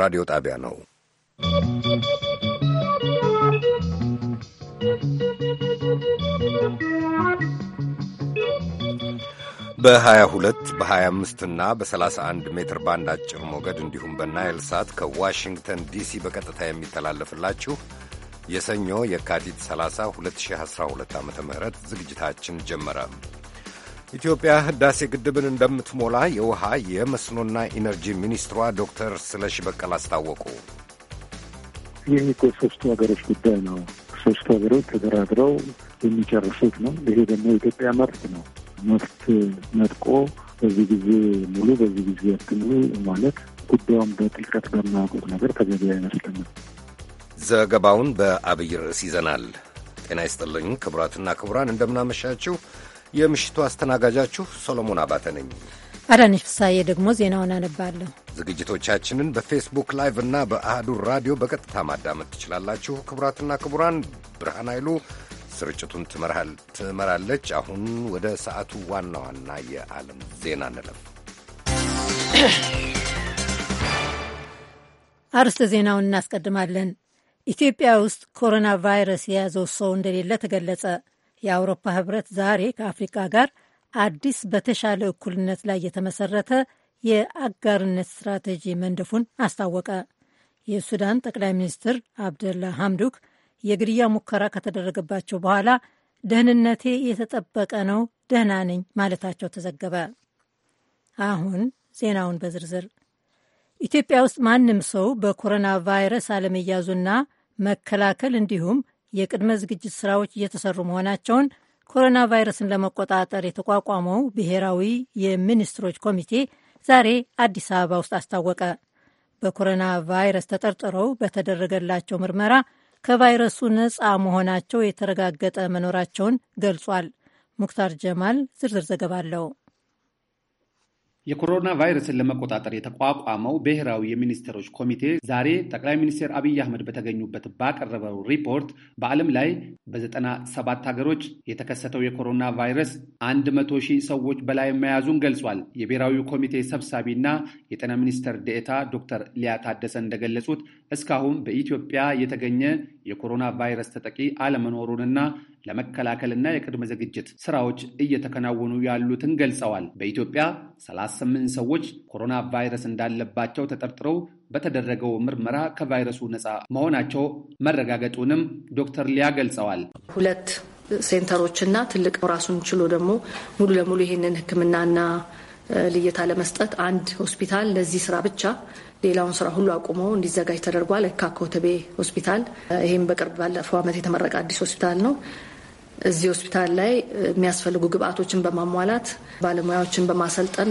ራዲዮ ጣቢያ ነው። በ22 በ25 እና በ31 ሜትር ባንድ አጭር ሞገድ እንዲሁም በናይል ሳት ከዋሽንግተን ዲሲ በቀጥታ የሚተላለፍላችሁ የሰኞ የካቲት 30 2012 ዓ ም ዝግጅታችን ጀመረ። ኢትዮጵያ ህዳሴ ግድብን እንደምትሞላ የውሃ የመስኖና ኢነርጂ ሚኒስትሯ ዶክተር ስለሺ በቀል አስታወቁ። ይህ እኮ ሶስቱ ሀገሮች ጉዳይ ነው። ሶስቱ ሀገሮች ተደራድረው የሚጨርሱት ነው። ይሄ ደግሞ የኢትዮጵያ መርት ነው። መርት መጥቆ በዚህ ጊዜ ሙሉ በዚህ ጊዜ ያትሙሉ ማለት ጉዳዩን በጥልቀት በማያውቁት ነገር ተገቢ አይመስልንም። ዘገባውን በአብይ ርዕስ ይዘናል። ጤና ይስጥልኝ ክቡራትና ክቡራን እንደምናመሻችው የምሽቱ አስተናጋጃችሁ ሶሎሞን አባተ ነኝ። አዳነች ፍሳዬ ደግሞ ዜናውን አነባለሁ። ዝግጅቶቻችንን በፌስቡክ ላይቭ እና በአህዱ ራዲዮ በቀጥታ ማዳመጥ ትችላላችሁ። ክቡራትና ክቡራን፣ ብርሃን ኃይሉ ስርጭቱን ትመራለች። አሁን ወደ ሰዓቱ ዋና ዋና የዓለም ዜና እንለፍ። አርስተ ዜናውን እናስቀድማለን። ኢትዮጵያ ውስጥ ኮሮና ቫይረስ የያዘው ሰው እንደሌለ ተገለጸ። የአውሮፓ ህብረት ዛሬ ከአፍሪካ ጋር አዲስ በተሻለ እኩልነት ላይ የተመሰረተ የአጋርነት ስትራቴጂ መንደፉን አስታወቀ። የሱዳን ጠቅላይ ሚኒስትር አብደላ ሐምዱክ የግድያ ሙከራ ከተደረገባቸው በኋላ ደህንነቴ የተጠበቀ ነው፣ ደህና ነኝ ማለታቸው ተዘገበ። አሁን ዜናውን በዝርዝር ኢትዮጵያ ውስጥ ማንም ሰው በኮሮና ቫይረስ አለመያዙና መከላከል እንዲሁም የቅድመ ዝግጅት ስራዎች እየተሰሩ መሆናቸውን ኮሮና ቫይረስን ለመቆጣጠር የተቋቋመው ብሔራዊ የሚኒስትሮች ኮሚቴ ዛሬ አዲስ አበባ ውስጥ አስታወቀ። በኮሮና ቫይረስ ተጠርጥረው በተደረገላቸው ምርመራ ከቫይረሱ ነፃ መሆናቸው የተረጋገጠ መኖራቸውን ገልጿል። ሙክታር ጀማል ዝርዝር ዘገባ አለው። የኮሮና ቫይረስን ለመቆጣጠር የተቋቋመው ብሔራዊ የሚኒስቴሮች ኮሚቴ ዛሬ ጠቅላይ ሚኒስትር አብይ አህመድ በተገኙበት ባቀረበው ሪፖርት በዓለም ላይ በዘጠና ሰባት ሀገሮች የተከሰተው የኮሮና ቫይረስ አንድ መቶ ሺህ ሰዎች በላይ መያዙን ገልጿል። የብሔራዊ ኮሚቴ ሰብሳቢ እና የጤና ሚኒስትር ዴኤታ ዶክተር ሊያ ታደሰ እንደገለጹት እስካሁን በኢትዮጵያ የተገኘ የኮሮና ቫይረስ ተጠቂ አለመኖሩንና ለመከላከልና የቅድመ ዝግጅት ስራዎች እየተከናወኑ ያሉትን ገልጸዋል። በኢትዮጵያ 38 ሰዎች ኮሮና ቫይረስ እንዳለባቸው ተጠርጥረው በተደረገው ምርመራ ከቫይረሱ ነፃ መሆናቸው መረጋገጡንም ዶክተር ሊያ ገልጸዋል። ሁለት ሴንተሮችና ትልቅ ራሱን ችሎ ደግሞ ሙሉ ለሙሉ ይህንን ሕክምናና ልየታ ለመስጠት አንድ ሆስፒታል ለዚህ ስራ ብቻ ሌላውን ስራ ሁሉ አቁሞ እንዲዘጋጅ ተደርጓል። የካ ኮተቤ ሆስፒታል ይህም በቅርብ ባለፈው ዓመት የተመረቀ አዲስ ሆስፒታል ነው። እዚህ ሆስፒታል ላይ የሚያስፈልጉ ግብአቶችን በማሟላት ባለሙያዎችን በማሰልጠን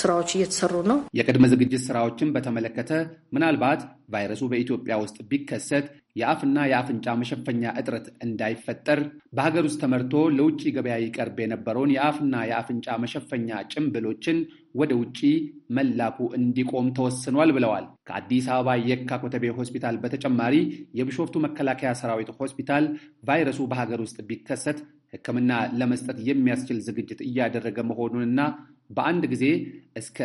ስራዎች እየተሰሩ ነው። የቅድመ ዝግጅት ስራዎችን በተመለከተ ምናልባት ቫይረሱ በኢትዮጵያ ውስጥ ቢከሰት የአፍና የአፍንጫ መሸፈኛ እጥረት እንዳይፈጠር በሀገር ውስጥ ተመርቶ ለውጭ ገበያ ይቀርብ የነበረውን የአፍና የአፍንጫ መሸፈኛ ጭንብሎችን ወደ ውጭ መላኩ እንዲቆም ተወስኗል ብለዋል። ከአዲስ አበባ የካ ኮተቤ ሆስፒታል በተጨማሪ የቢሾፍቱ መከላከያ ሰራዊት ሆስፒታል ቫይረሱ በሀገር ውስጥ ቢከሰት ሕክምና ለመስጠት የሚያስችል ዝግጅት እያደረገ መሆኑንና በአንድ ጊዜ እስከ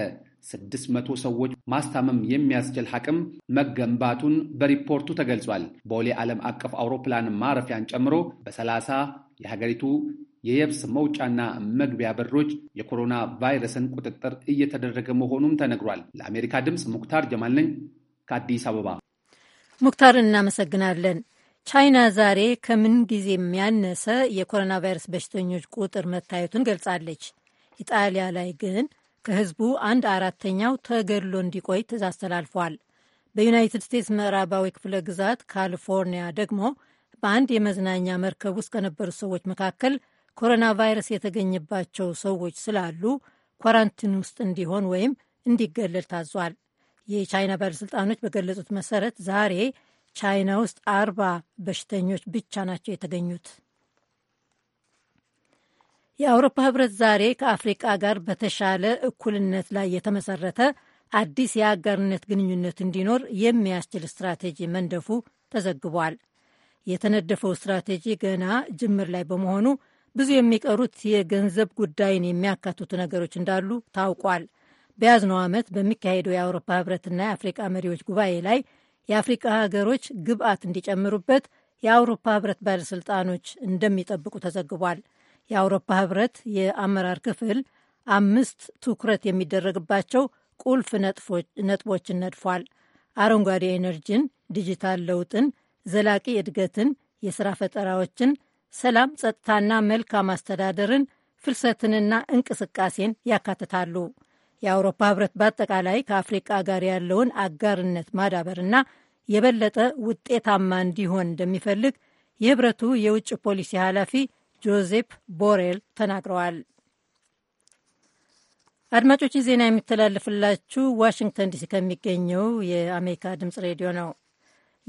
ስድስት መቶ ሰዎች ማስታመም የሚያስችል ሀቅም መገንባቱን በሪፖርቱ ተገልጿል። ቦሌ ዓለም አቀፍ አውሮፕላን ማረፊያን ጨምሮ በሰላሳ የሀገሪቱ የየብስ መውጫና መግቢያ በሮች የኮሮና ቫይረስን ቁጥጥር እየተደረገ መሆኑም ተነግሯል። ለአሜሪካ ድምፅ ሙክታር ጀማል ነኝ ከአዲስ አበባ። ሙክታር እናመሰግናለን። ቻይና ዛሬ ከምን ጊዜ የሚያነሰ የኮሮና ቫይረስ በሽተኞች ቁጥር መታየቱን ገልጻለች። ኢጣሊያ ላይ ግን ከህዝቡ አንድ አራተኛው ተገድሎ እንዲቆይ ትዕዛዝ ተላልፏል። በዩናይትድ ስቴትስ ምዕራባዊ ክፍለ ግዛት ካሊፎርኒያ ደግሞ በአንድ የመዝናኛ መርከብ ውስጥ ከነበሩ ሰዎች መካከል ኮሮና ቫይረስ የተገኘባቸው ሰዎች ስላሉ ኳራንቲን ውስጥ እንዲሆን ወይም እንዲገለል ታዟል። የቻይና ባለሥልጣኖች በገለጹት መሰረት ዛሬ ቻይና ውስጥ አርባ በሽተኞች ብቻ ናቸው የተገኙት። የአውሮፓ ህብረት ዛሬ ከአፍሪቃ ጋር በተሻለ እኩልነት ላይ የተመሰረተ አዲስ የአጋርነት ግንኙነት እንዲኖር የሚያስችል ስትራቴጂ መንደፉ ተዘግቧል። የተነደፈው ስትራቴጂ ገና ጅምር ላይ በመሆኑ ብዙ የሚቀሩት የገንዘብ ጉዳይን የሚያካትቱ ነገሮች እንዳሉ ታውቋል። በያዝነው ዓመት በሚካሄደው የአውሮፓ ህብረትና የአፍሪቃ መሪዎች ጉባኤ ላይ የአፍሪቃ ሀገሮች ግብአት እንዲጨምሩበት የአውሮፓ ህብረት ባለሥልጣኖች እንደሚጠብቁ ተዘግቧል። የአውሮፓ ህብረት የአመራር ክፍል አምስት ትኩረት የሚደረግባቸው ቁልፍ ነጥቦችን ነድፏል። አረንጓዴ ኤነርጂን፣ ዲጂታል ለውጥን፣ ዘላቂ እድገትን፣ የሥራ ፈጠራዎችን፣ ሰላም ጸጥታና መልካም አስተዳደርን፣ ፍልሰትንና እንቅስቃሴን ያካትታሉ። የአውሮፓ ህብረት በአጠቃላይ ከአፍሪቃ ጋር ያለውን አጋርነት ማዳበርና የበለጠ ውጤታማ እንዲሆን እንደሚፈልግ የህብረቱ የውጭ ፖሊሲ ኃላፊ ጆዜፕ ቦሬል ተናግረዋል። አድማጮች ዜና የሚተላለፍላችሁ ዋሽንግተን ዲሲ ከሚገኘው የአሜሪካ ድምጽ ሬዲዮ ነው።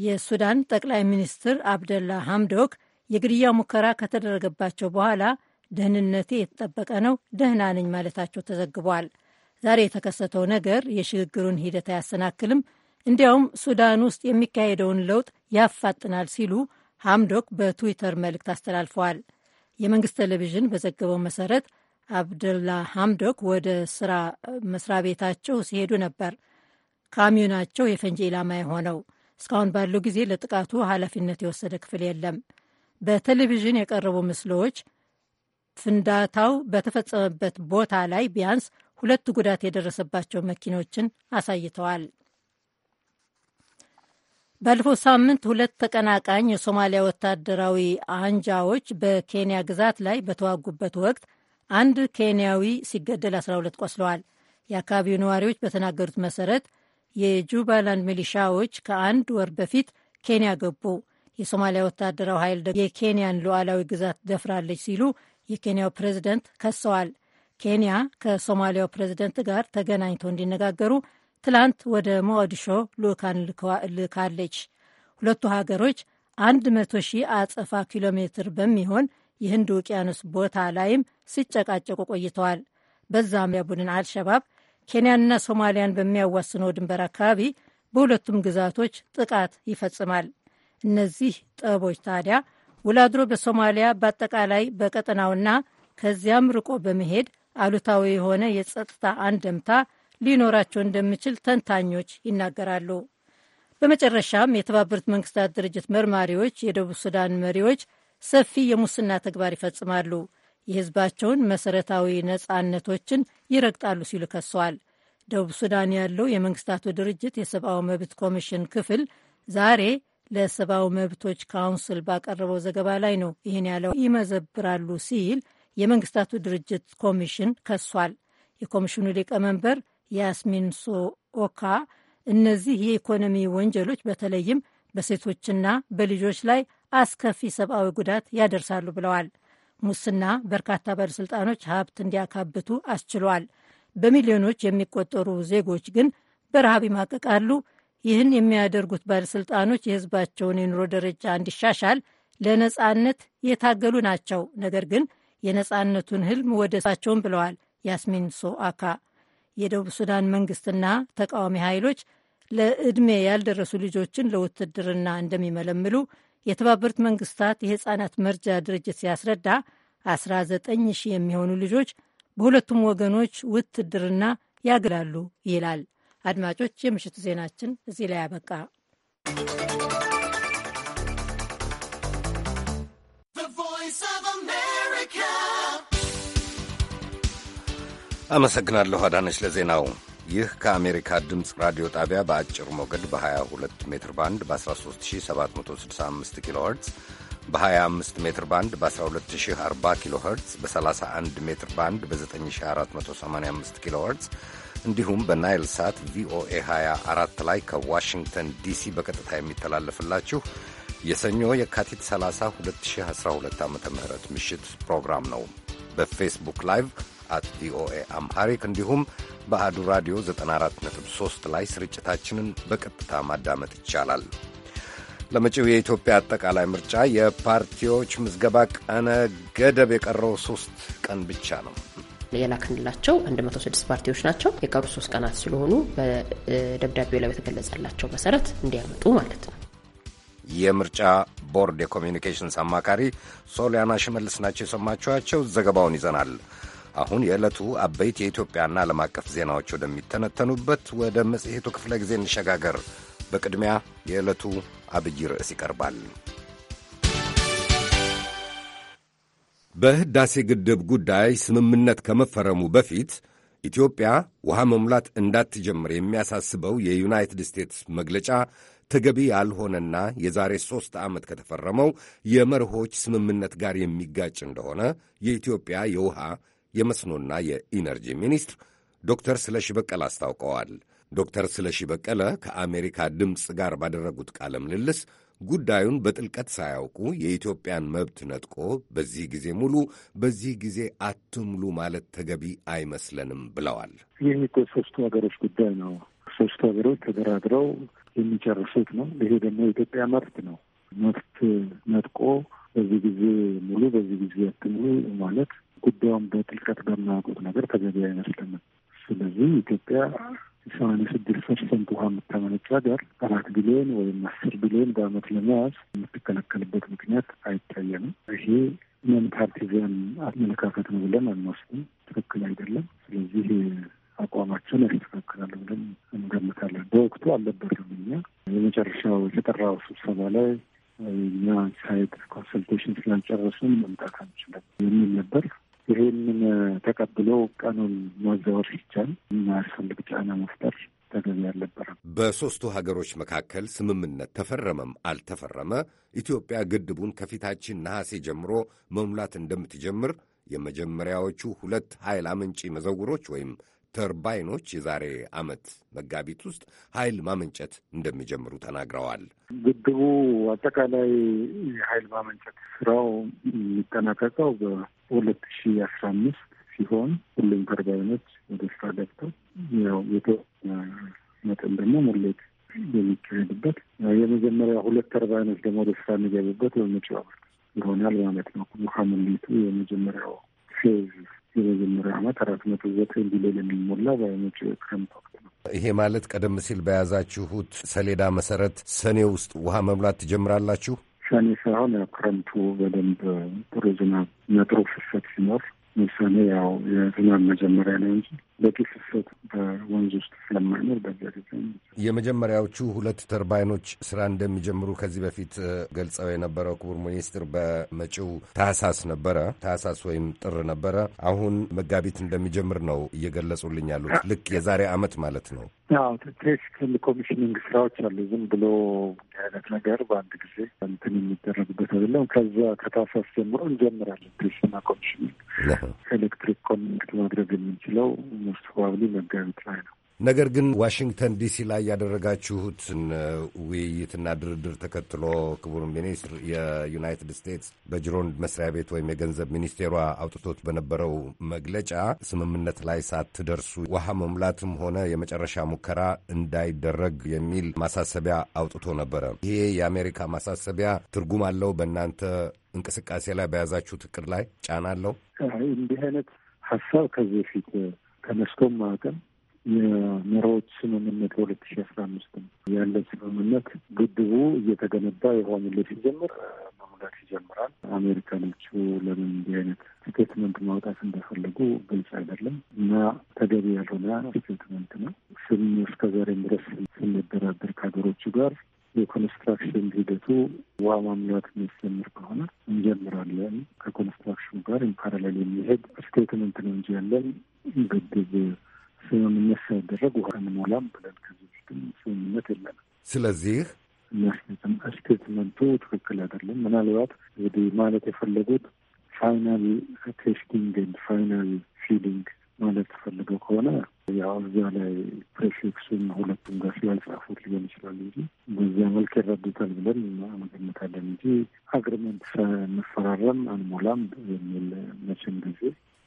የሱዳን ጠቅላይ ሚኒስትር አብደላ ሐምዶክ የግድያ ሙከራ ከተደረገባቸው በኋላ ደህንነቴ የተጠበቀ ነው፣ ደህና ነኝ ማለታቸው ተዘግቧል። ዛሬ የተከሰተው ነገር የሽግግሩን ሂደት አያሰናክልም፣ እንዲያውም ሱዳን ውስጥ የሚካሄደውን ለውጥ ያፋጥናል ሲሉ ሐምዶክ በትዊተር መልእክት አስተላልፈዋል። የመንግስት ቴሌቪዥን በዘገበው መሰረት አብደላ ሐምዶክ ወደ ስራ መስሪያ ቤታቸው ሲሄዱ ነበር ካሚዮናቸው የፈንጂ ኢላማ የሆነው። እስካሁን ባለው ጊዜ ለጥቃቱ ኃላፊነት የወሰደ ክፍል የለም። በቴሌቪዥን የቀረቡ ምስሎች ፍንዳታው በተፈጸመበት ቦታ ላይ ቢያንስ ሁለት ጉዳት የደረሰባቸው መኪኖችን አሳይተዋል። ባለፈው ሳምንት ሁለት ተቀናቃኝ የሶማሊያ ወታደራዊ አንጃዎች በኬንያ ግዛት ላይ በተዋጉበት ወቅት አንድ ኬንያዊ ሲገደል 12 ቆስለዋል። የአካባቢው ነዋሪዎች በተናገሩት መሰረት የጁባላንድ ሚሊሻዎች ከአንድ ወር በፊት ኬንያ ገቡ። የሶማሊያ ወታደራዊ ኃይል የኬንያን ሉዓላዊ ግዛት ደፍራለች ሲሉ የኬንያው ፕሬዝደንት ከሰዋል። ኬንያ ከሶማሊያው ፕሬዝደንት ጋር ተገናኝተው እንዲነጋገሩ ትላንት ወደ ሞቃዲሾ ልኡካን ልካለች። ሁለቱ ሀገሮች 100 ሺህ አጸፋ ኪሎ ሜትር በሚሆን የህንድ ውቅያኖስ ቦታ ላይም ሲጨቃጨቁ ቆይተዋል። በዛም ቡድን አልሸባብ ኬንያንና ሶማሊያን በሚያዋስነው ድንበር አካባቢ በሁለቱም ግዛቶች ጥቃት ይፈጽማል። እነዚህ ጠቦች ታዲያ ውላድሮ በሶማሊያ በአጠቃላይ በቀጠናውና ከዚያም ርቆ በመሄድ አሉታዊ የሆነ የጸጥታ አንደምታ ሊኖራቸው እንደሚችል ተንታኞች ይናገራሉ። በመጨረሻም የተባበሩት መንግስታት ድርጅት መርማሪዎች የደቡብ ሱዳን መሪዎች ሰፊ የሙስና ተግባር ይፈጽማሉ፣ የህዝባቸውን መሰረታዊ ነጻነቶችን ይረግጣሉ ሲሉ ከሰዋል። ደቡብ ሱዳን ያለው የመንግስታቱ ድርጅት የሰብአዊ መብት ኮሚሽን ክፍል ዛሬ ለሰብአዊ መብቶች ካውንስል ባቀረበው ዘገባ ላይ ነው ይህን ያለው። ይመዘብራሉ ሲል የመንግስታቱ ድርጅት ኮሚሽን ከሷል። የኮሚሽኑ ሊቀመንበር ያስሚን ሶኦካ እነዚህ የኢኮኖሚ ወንጀሎች በተለይም በሴቶችና በልጆች ላይ አስከፊ ሰብአዊ ጉዳት ያደርሳሉ ብለዋል። ሙስና በርካታ ባለሥልጣኖች ሀብት እንዲያካብቱ አስችሏል። በሚሊዮኖች የሚቆጠሩ ዜጎች ግን በረሃብ ይማቀቃሉ። ይህን የሚያደርጉት ባለሥልጣኖች የሕዝባቸውን የኑሮ ደረጃ እንዲሻሻል ለነጻነት የታገሉ ናቸው። ነገር ግን የነጻነቱን ህልም ወደ ብለዋል ያስሚን ሶአካ የደቡብ ሱዳን መንግስትና ተቃዋሚ ኃይሎች ለዕድሜ ያልደረሱ ልጆችን ለውትድርና እንደሚመለምሉ የተባበሩት መንግስታት የሕፃናት መርጃ ድርጅት ሲያስረዳ 19 ሺህ የሚሆኑ ልጆች በሁለቱም ወገኖች ውትድርና ያገላሉ ይላል። አድማጮች፣ የምሽቱ ዜናችን እዚህ ላይ አበቃ። አመሰግናለሁ አዳነች ለዜናው። ይህ ከአሜሪካ ድምፅ ራዲዮ ጣቢያ በአጭር ሞገድ በ22 ሜትር ባንድ በ13765 ኪሎ ኸርትዝ በ25 ሜትር ባንድ በ1240 ኪሎ ኸርትዝ በ31 ሜትር ባንድ በ9485 ኪሎ ኸርትዝ እንዲሁም በናይል ሳት ቪኦኤ 24 ላይ ከዋሽንግተን ዲሲ በቀጥታ የሚተላለፍላችሁ የሰኞ የካቲት 30 2012 ዓ ም ምሽት ፕሮግራም ነው። በፌስቡክ ላይቭ አት ቪኦኤ አምሃሪክ እንዲሁም በአህዱ ራዲዮ 94.3 ላይ ስርጭታችንን በቀጥታ ማዳመጥ ይቻላል። ለመጪው የኢትዮጵያ አጠቃላይ ምርጫ የፓርቲዎች ምዝገባ ቀነ ገደብ የቀረው ሶስት ቀን ብቻ ነው። የላክንላቸው 106 ፓርቲዎች ናቸው። የቀሩ ሶስት ቀናት ስለሆኑ በደብዳቤው ላይ በተገለጸላቸው መሰረት እንዲያመጡ ማለት ነው። የምርጫ ቦርድ የኮሚኒኬሽንስ አማካሪ ሶሊያና ሽመልስ ናቸው የሰማችኋቸው። ዘገባውን ይዘናል። አሁን የዕለቱ አበይት የኢትዮጵያና ዓለም አቀፍ ዜናዎች ወደሚተነተኑበት ወደ መጽሔቱ ክፍለ ጊዜ እንሸጋገር። በቅድሚያ የዕለቱ አብይ ርዕስ ይቀርባል። በሕዳሴ ግድብ ጉዳይ ስምምነት ከመፈረሙ በፊት ኢትዮጵያ ውሃ መሙላት እንዳትጀምር የሚያሳስበው የዩናይትድ ስቴትስ መግለጫ ተገቢ ያልሆነና የዛሬ ሦስት ዓመት ከተፈረመው የመርሆች ስምምነት ጋር የሚጋጭ እንደሆነ የኢትዮጵያ የውሃ የመስኖና የኢነርጂ ሚኒስትር ዶክተር ስለሺ በቀለ አስታውቀዋል። ዶክተር ስለሺ በቀለ ከአሜሪካ ድምፅ ጋር ባደረጉት ቃለ ምልልስ ጉዳዩን በጥልቀት ሳያውቁ የኢትዮጵያን መብት ነጥቆ በዚህ ጊዜ ሙሉ በዚህ ጊዜ አትምሉ ማለት ተገቢ አይመስለንም ብለዋል። ይህ የሶስቱ ሀገሮች ጉዳይ ነው። ሶስቱ ሀገሮች ተደራድረው የሚጨርሱት ነው። ይሄ ደግሞ የኢትዮጵያ መብት ነው። መብት ነጥቆ በዚህ ጊዜ ሙሉ በዚህ ጊዜ ያክሉ ማለት ጉዳዩን በጥልቀት በማያውቁት ነገር ተገቢ አይመስልንም። ስለዚህ ኢትዮጵያ ሰማንያ ስድስት ፐርሰንት ውሃ የምታመነጭ ሀገር አራት ቢሊዮን ወይም አስር ቢሊዮን በአመት ለመያዝ የምትከለከልበት ምክንያት አይታየንም። ይሄ ኖን ፓርቲዛን አመለካከት ነው ብለን አንወስድም። ትክክል አይደለም። ስለዚህ ደረስን መምጣት አንችልም የሚል ነበር። ይሄንን ተቀብሎ ቀኑን ማዛወር ሲቻል የማያስፈልግ ጫና መፍጠር ተገቢ አልነበረም። በሦስቱ ሀገሮች መካከል ስምምነት ተፈረመም አልተፈረመ ኢትዮጵያ ግድቡን ከፊታችን ነሐሴ ጀምሮ መሙላት እንደምትጀምር የመጀመሪያዎቹ ሁለት ኃይል አመንጪ መዘውሮች ወይም ተርባይኖች የዛሬ ዓመት መጋቢት ውስጥ ኃይል ማመንጨት እንደሚጀምሩ ተናግረዋል። ግድቡ አጠቃላይ የኃይል ማመንጨት ስራው የሚጠናቀቀው በሁለት ሺ አስራ አምስት ሲሆን ሁሉም ተርባይኖች ወደ ስራ ገብተው ያው የተወሰነ መጠን ደግሞ መሌት የሚካሄድበት የመጀመሪያ ሁለት ተርባይኖች ደግሞ ወደ ስራ የሚገቡበት በመጪው ዓመት ይሆናል ማለት ነው። ሙሐሙሌቱ የመጀመሪያው ፌዝ የመጀመሪያ ዓመት አራት መቶ ዘጠኝ ቢሊዮን የሚሞላው በአይኖች ክረምት ወቅት ነው። ይሄ ማለት ቀደም ሲል በያዛችሁት ሰሌዳ መሰረት ሰኔ ውስጥ ውሃ መሙላት ትጀምራላችሁ? ሰኔ ሳይሆን ክረምቱ በደንብ ጥሩ ዝናብ እና ፍሰት ሲኖር ምሳሌ ያው የዝናብ መጀመሪያ ነው እንጂ በቂ ፍሰት በወንዝ ውስጥ ስለማይኖር በዚያ ጊዜ የመጀመሪያዎቹ ሁለት ተርባይኖች ስራ እንደሚጀምሩ ከዚህ በፊት ገልጸው የነበረው ክቡር ሚኒስትር በመጪው ታህሳስ ነበረ፣ ታህሳስ ወይም ጥር ነበረ። አሁን መጋቢት እንደሚጀምር ነው እየገለጹልኝ ያሉት። ልክ የዛሬ አመት ማለት ነው። ቴክኒካል ኮሚሽኒንግ ስራዎች አሉ። ዝም ብሎ አይነት ነገር በአንድ ጊዜ እንትን የሚደረግበት አይደለም። ከዛ ከታህሳስ ጀምሮ እንጀምራለን ቴክኒካል ኮሚሽኒንግ ናቸው። ኤሌክትሪክ ኮኔክት ማድረግ የምንችለው ሞስት ፕሮባብሊ መጋቢት ላይ ነው። ነገር ግን ዋሽንግተን ዲሲ ላይ ያደረጋችሁትን uh, ውይይትና ድርድር ተከትሎ ክቡር ሚኒስትር የዩናይትድ ስቴትስ በጅሮንድ መስሪያ ቤት ወይም የገንዘብ ሚኒስቴሯ አውጥቶት በነበረው መግለጫ ስምምነት ላይ ሳትደርሱ ውሃ መሙላትም ሆነ የመጨረሻ ሙከራ እንዳይደረግ የሚል ማሳሰቢያ አውጥቶ ነበረ። ይሄ የአሜሪካ ማሳሰቢያ ትርጉም አለው? በእናንተ እንቅስቃሴ ላይ በያዛችሁት እቅድ ላይ ጫና አለው? እንዲህ አይነት ሀሳብ ከዚህ በፊት ተነስቶም ማዕቀም የመሪዎች ስምምነት በሁለት ሺ አስራ አምስት ነው ያለን ስምምነት ግድቡ እየተገነባ የውሃ ሙሌት ሲጀምር መሙላት ይጀምራል። አሜሪካኖቹ ለምን እንዲህ አይነት ስቴትመንት ማውጣት እንደፈለጉ ግልጽ አይደለም እና ተገቢ ያልሆነ ስቴትመንት ነው። ስም እስከ ዛሬም ድረስ ስንደራደር ከሀገሮቹ ጋር የኮንስትራክሽን ሂደቱ ውሃ ማምላት የሚያስጀምር ከሆነ እንጀምራለን ከኮንስትራክሽኑ ጋር ኢን የሚሄድ ስቴትመንት ነው እንጂ ያለን ግድብ ስምምነት ሳይደረግ ውሃ ምንላም ብለን ከዚህ ውስጥ ስምምነት የለንም። ስለዚህ ስቴትመንቱ ትክክል አይደለም። ምናልባት እንግዲህ ማለት የፈለጉት ፋይናል ቴስቲንግ ኤንድ ፋይናል ፊሊንግ ማለት ተፈልገው ከሆነ ያው እዛ ላይ ፕሬፊክሱን ሁለቱም ጋር ስላልጻፉት ሊሆን ይችላል እንጂ በዚያ መልክ ይረዱታል ብለን እንገምታለን እንጂ አግሪመንት ሳንፈራረም አንሞላም የሚል መቼም ጊዜ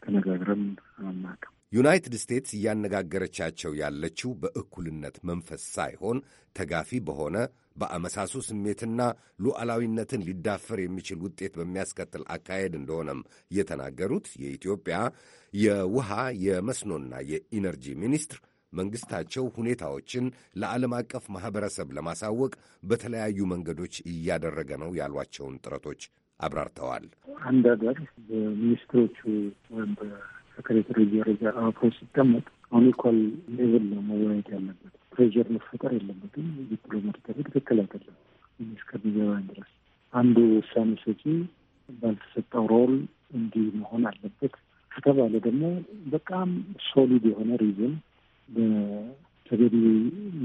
ተነጋግረን አናውቅም። ዩናይትድ ስቴትስ እያነጋገረቻቸው ያለችው በእኩልነት መንፈስ ሳይሆን ተጋፊ በሆነ በአመሳሱ ስሜትና ሉዓላዊነትን ሊዳፈር የሚችል ውጤት በሚያስከትል አካሄድ እንደሆነም የተናገሩት የኢትዮጵያ የውሃ የመስኖና የኢነርጂ ሚኒስትር መንግስታቸው ሁኔታዎችን ለዓለም አቀፍ ማኅበረሰብ ለማሳወቅ በተለያዩ መንገዶች እያደረገ ነው ያሏቸውን ጥረቶች አብራርተዋል። አንድ ሀገር በሚኒስትሮቹ ወይም ሰክሬታሪ ደረጃ አፍሮ ሲቀመጥ አሁን ኢኳል ሌቭል ነው መወያየት ያለበት። ፕሬር መፈጠር የለበትም። ዲፕሎማቲክ ትክክል አይደለም። እስከሚገባኝ ድረስ አንዱ ውሳኔ ሰጪ ባልተሰጠው ሮል እንዲህ መሆን አለበት ከተባለ ደግሞ በጣም ሶሊድ የሆነ ሪዝን ተገቢ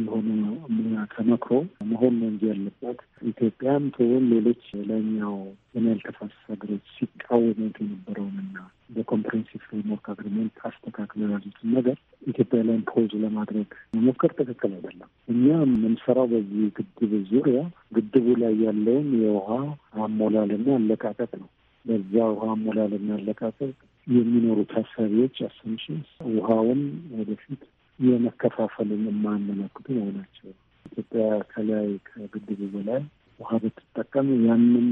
የሆነ ሙያ ከመክሮ መሆን ነው እንጂ ያለባት ኢትዮጵያም ትሆን ሌሎች ላይኛው የናይል ተፋሰስ ሀገሮች ሲቃወሙት የነበረውንና በኮምፕሬንሲቭ ፍሬምወርክ አግሪመንት አስተካክለው ያሉትን ነገር ኢትዮጵያ ላይም ፖዝ ለማድረግ መሞከር ትክክል አይደለም። እኛ የምንሰራው በዚህ ግድብ ዙሪያ ግድቡ ላይ ያለውን የውሃ አሞላልና አለቃቀቅ ነው። በዛ ውሃ አሞላልና አለቃቀቅ የሚኖሩ ታሳቢዎች አሰምሽንስ ውሃውን ወደፊት የመከፋፈልን የማያመለክቱ መሆናቸው ኢትዮጵያ ከላይ ከግድቡ በላይ ውሃ ብትጠቀም ያንን